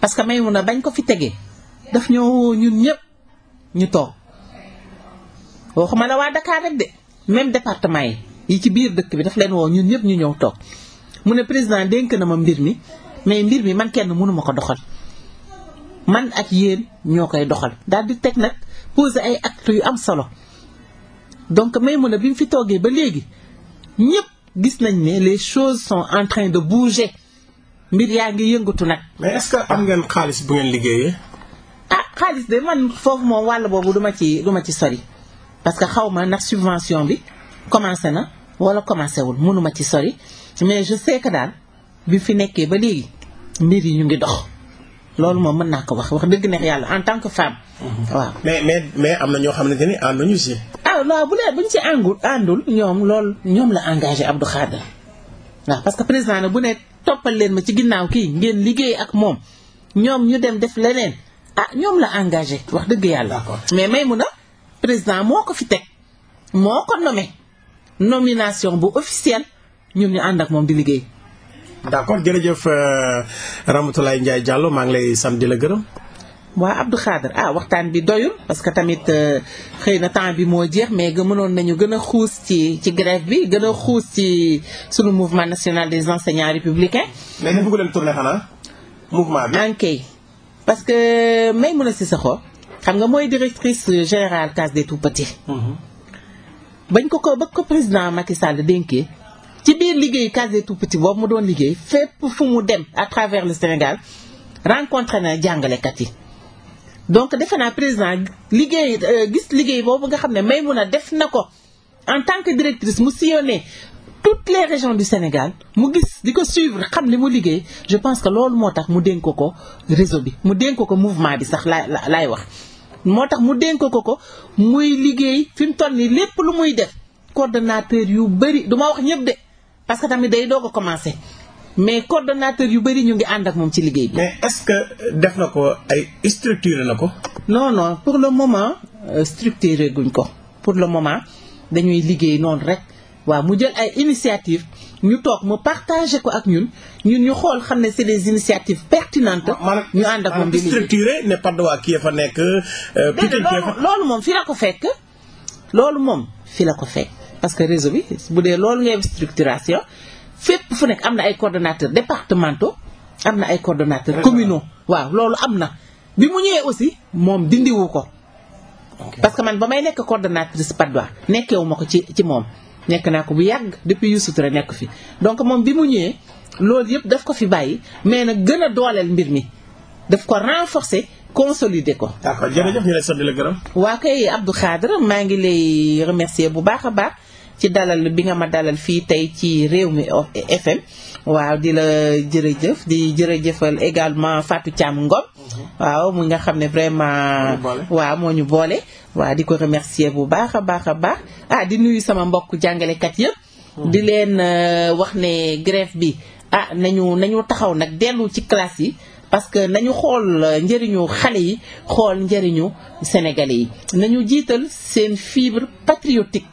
parce que Maïmouna bañ ko fi tegee daf ñoo ñun ñëpp. ñu toog waxuma la waa dakaar rek de même département yi yi ci biir dëkk bi daf leen woo ñun ñëpp ñu ñëw toog mu ne président dénk na ma mbir mi mais mbir mi man kenn mënuma ko doxal man ak yéen ñoo koy doxal daal di teg nag poser ay actes yu am solo donc may mun a bi mu fi toogee ba léegi ñëpp gis nañ ne les choses sont en train de bouger mbir yaa ngi yëngatu nag. mais est-ce que am ngeen xaalis bu ngeen liggéeyee. xaalis de man foofu moom wàll boobu duma ci duma ci sori parce que xaw ma ndax subvention bi commencé na wala commencé wul mënuma ci sori mais je sais que daal bi fi nekkee ba léegi mbir yi ñu ngi dox loolu moom mën naa ko wax wax dëgg neex yàlla en tant que femme. Mhm. waaw mais mais mais am na ñoo xam ne xamante ni ànduñu si. ah non bu dee buñ ci àngul àndul ñoom loolu ñoom la engagé Abdou Khadre waaw parce que président na bu ne toppal leen ma ci ginnaaw kii ngeen liggéey ak moom ñoom ñu dem def leneen. ah ñoom la engagé wax dëgg yàlla. mais Maimouna président moo ko fi teg moo ko nommé nomination bu officielle ñun ñu ànd ak moom di liggéey. d'accord jërëjëf euh, Ramatoulaye Ndiaye Diallo maa ngi lay sant di la gërëm. waa Abdou Khader ah waxtaan bi doyul parce que tamit euh, xëy na temps bi moo jeex mais mënoon nañu gën a xuus ci ci grève bi gën a xuus ci sunu mouvement national des enseignants républicains. mais ñu bëgg leen xanaa mouvement bi. parce que may Maïmouna Sissoko xam nga mooy directrice générale case des tout petits. Mm-hmm. bañ ko ko ba ko président Macky Sall dénkee ci biir liggéey case des tout petits boobu mu doon liggéey fépp fu mu dem à travers le Sénégal rencontré na jàngalekat yi. donc defe naa président liggéey euh, gis liggéey boobu nga xam ne Maïmouna def na ko en tant que directrice mu sillonné toutes les régions du Sénégal mu gis di ko suivre xam li mu liggéey je pense que loolu moo tax mu dénk ko ko réseau bi mu dénk ko ko mouvement bi sax laay laay wax. moo tax mu dénk ko ko muy liggéey fi mu toll nii lépp lu muy def coordonnateur yu bëri du wax ñëpp de parce que tamit day doog a commencé mais coordonnateur yu bëri ñu ngi ànd ak moom ci liggéey bi. mais est que def na ko ay structuré na ko. non non pour le moment euh, structuré guñ ko pour le moment dañuy liggéey noonu rek. waaw mu jël ay initiative ñu toog mu partagé ko ak ñun ñun ñu xool xam ne c'est des initiatives pertinentes. ñu ànd ak moom di structuré ne Padois kii fa nekk. Euh, loolu moom fi la ko fekk. loolu moom fi la ko fekk parce que réseau bi bu dee loolu ngay structuration fépp fu nekk am na ay coordonnateurs départementaux am na ay coordonnateurs communaux. waaw loolu am na bi mu ñëwee aussi moom dindiwu ko. parce que man ba may nekk coordonnatrice Padois nekkeewu ma ko ci ci moom. nekk naa ko bu yàgg depuis Youssou Touré nekk fi donc moom bi mu ñëwee loolu yëpp daf ko fi bàyyi mais nag gën a dooleel mbir mi daf ko renforcer consolider ko. d'accord jërëjëf ñu lay sant la gërëm. waa kay Abdou Khadre maa ngi lay remercier bu baax a baax ci dalal bi nga ma dalal fii tey ci réew mi FM. waaw di la jërëjëf di jërëjëfal également Fatou Thiam Ngom waaw mu nga xam ne vraiment waaw moo ñu boole waaw di ko remercier bu baax a baax a baax ah di nuyu sama mbokk jàngalekat yëpp hmm. di leen euh, wax ne grève bi ah nañu nañu taxaw nag dellu ci classe yi parce que nañu xool euh, njëriñu xale yi xool njëriñu sénégalais yi nañu jiital seen fibre patriotique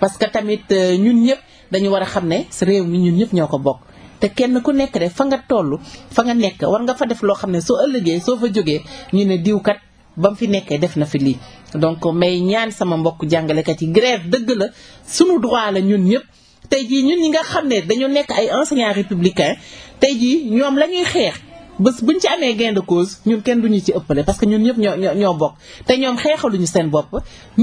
parce que tamit euh, ñun ñëpp dañu war a xam ne réew mi ñun ñëpp ñoo ko bokk te kenn ku nekk rek fa nga toll fa nga nekk war nga fa def loo xam ne soo ëllëgee soo fa jógee ñu ne diwkat ba mu fi nekkee def na fi lii donc may ñaan sama mbokk jàngalekat yi grève dëgg la sunu droit la ñun ñëpp tey jii ñun ñi nga xam ne dañu nekk ay enseignants républicains tey jii ñoom la ñuy xeex bés buñ ci amee gain de cause ñun kenn du ñu ci ëppale parce que ñun ñëpp ñoo ñoo ñoo bokk te ñoom xeexaluñu seen bopp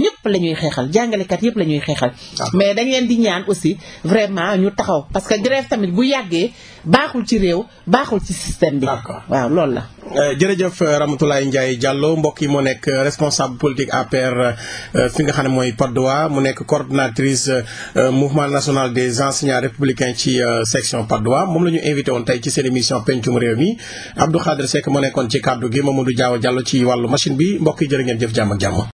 ñëpp la ñuy xeexal jàngalekat yëpp la ñuy xeexal ah. mais dañ leen di ñaan aussi vraiment ñu taxaw parce que grève tamit bu yàggee baaxul ci réew baaxul ci système bi. d'accord waaw loolu la. Euh, jërëjëf euh, Ramatoulaye Ndiaye Diallo mbokk yi moo nekk euh, responsable politique APR fi nga xam ne mooy Patte mu nekk coordonnatrice mouvement national des enseignants républicains ci section Patte d'Oie moom la ñu invité woon tey ci seen émission pencum réew mi Abdou Khadre Seck moo nekkoon ci kàddu gi moom Mamadou Diaw Diallo ci wàllu machine bi mbokki yi ngeen jëf jàmm ak jàmm.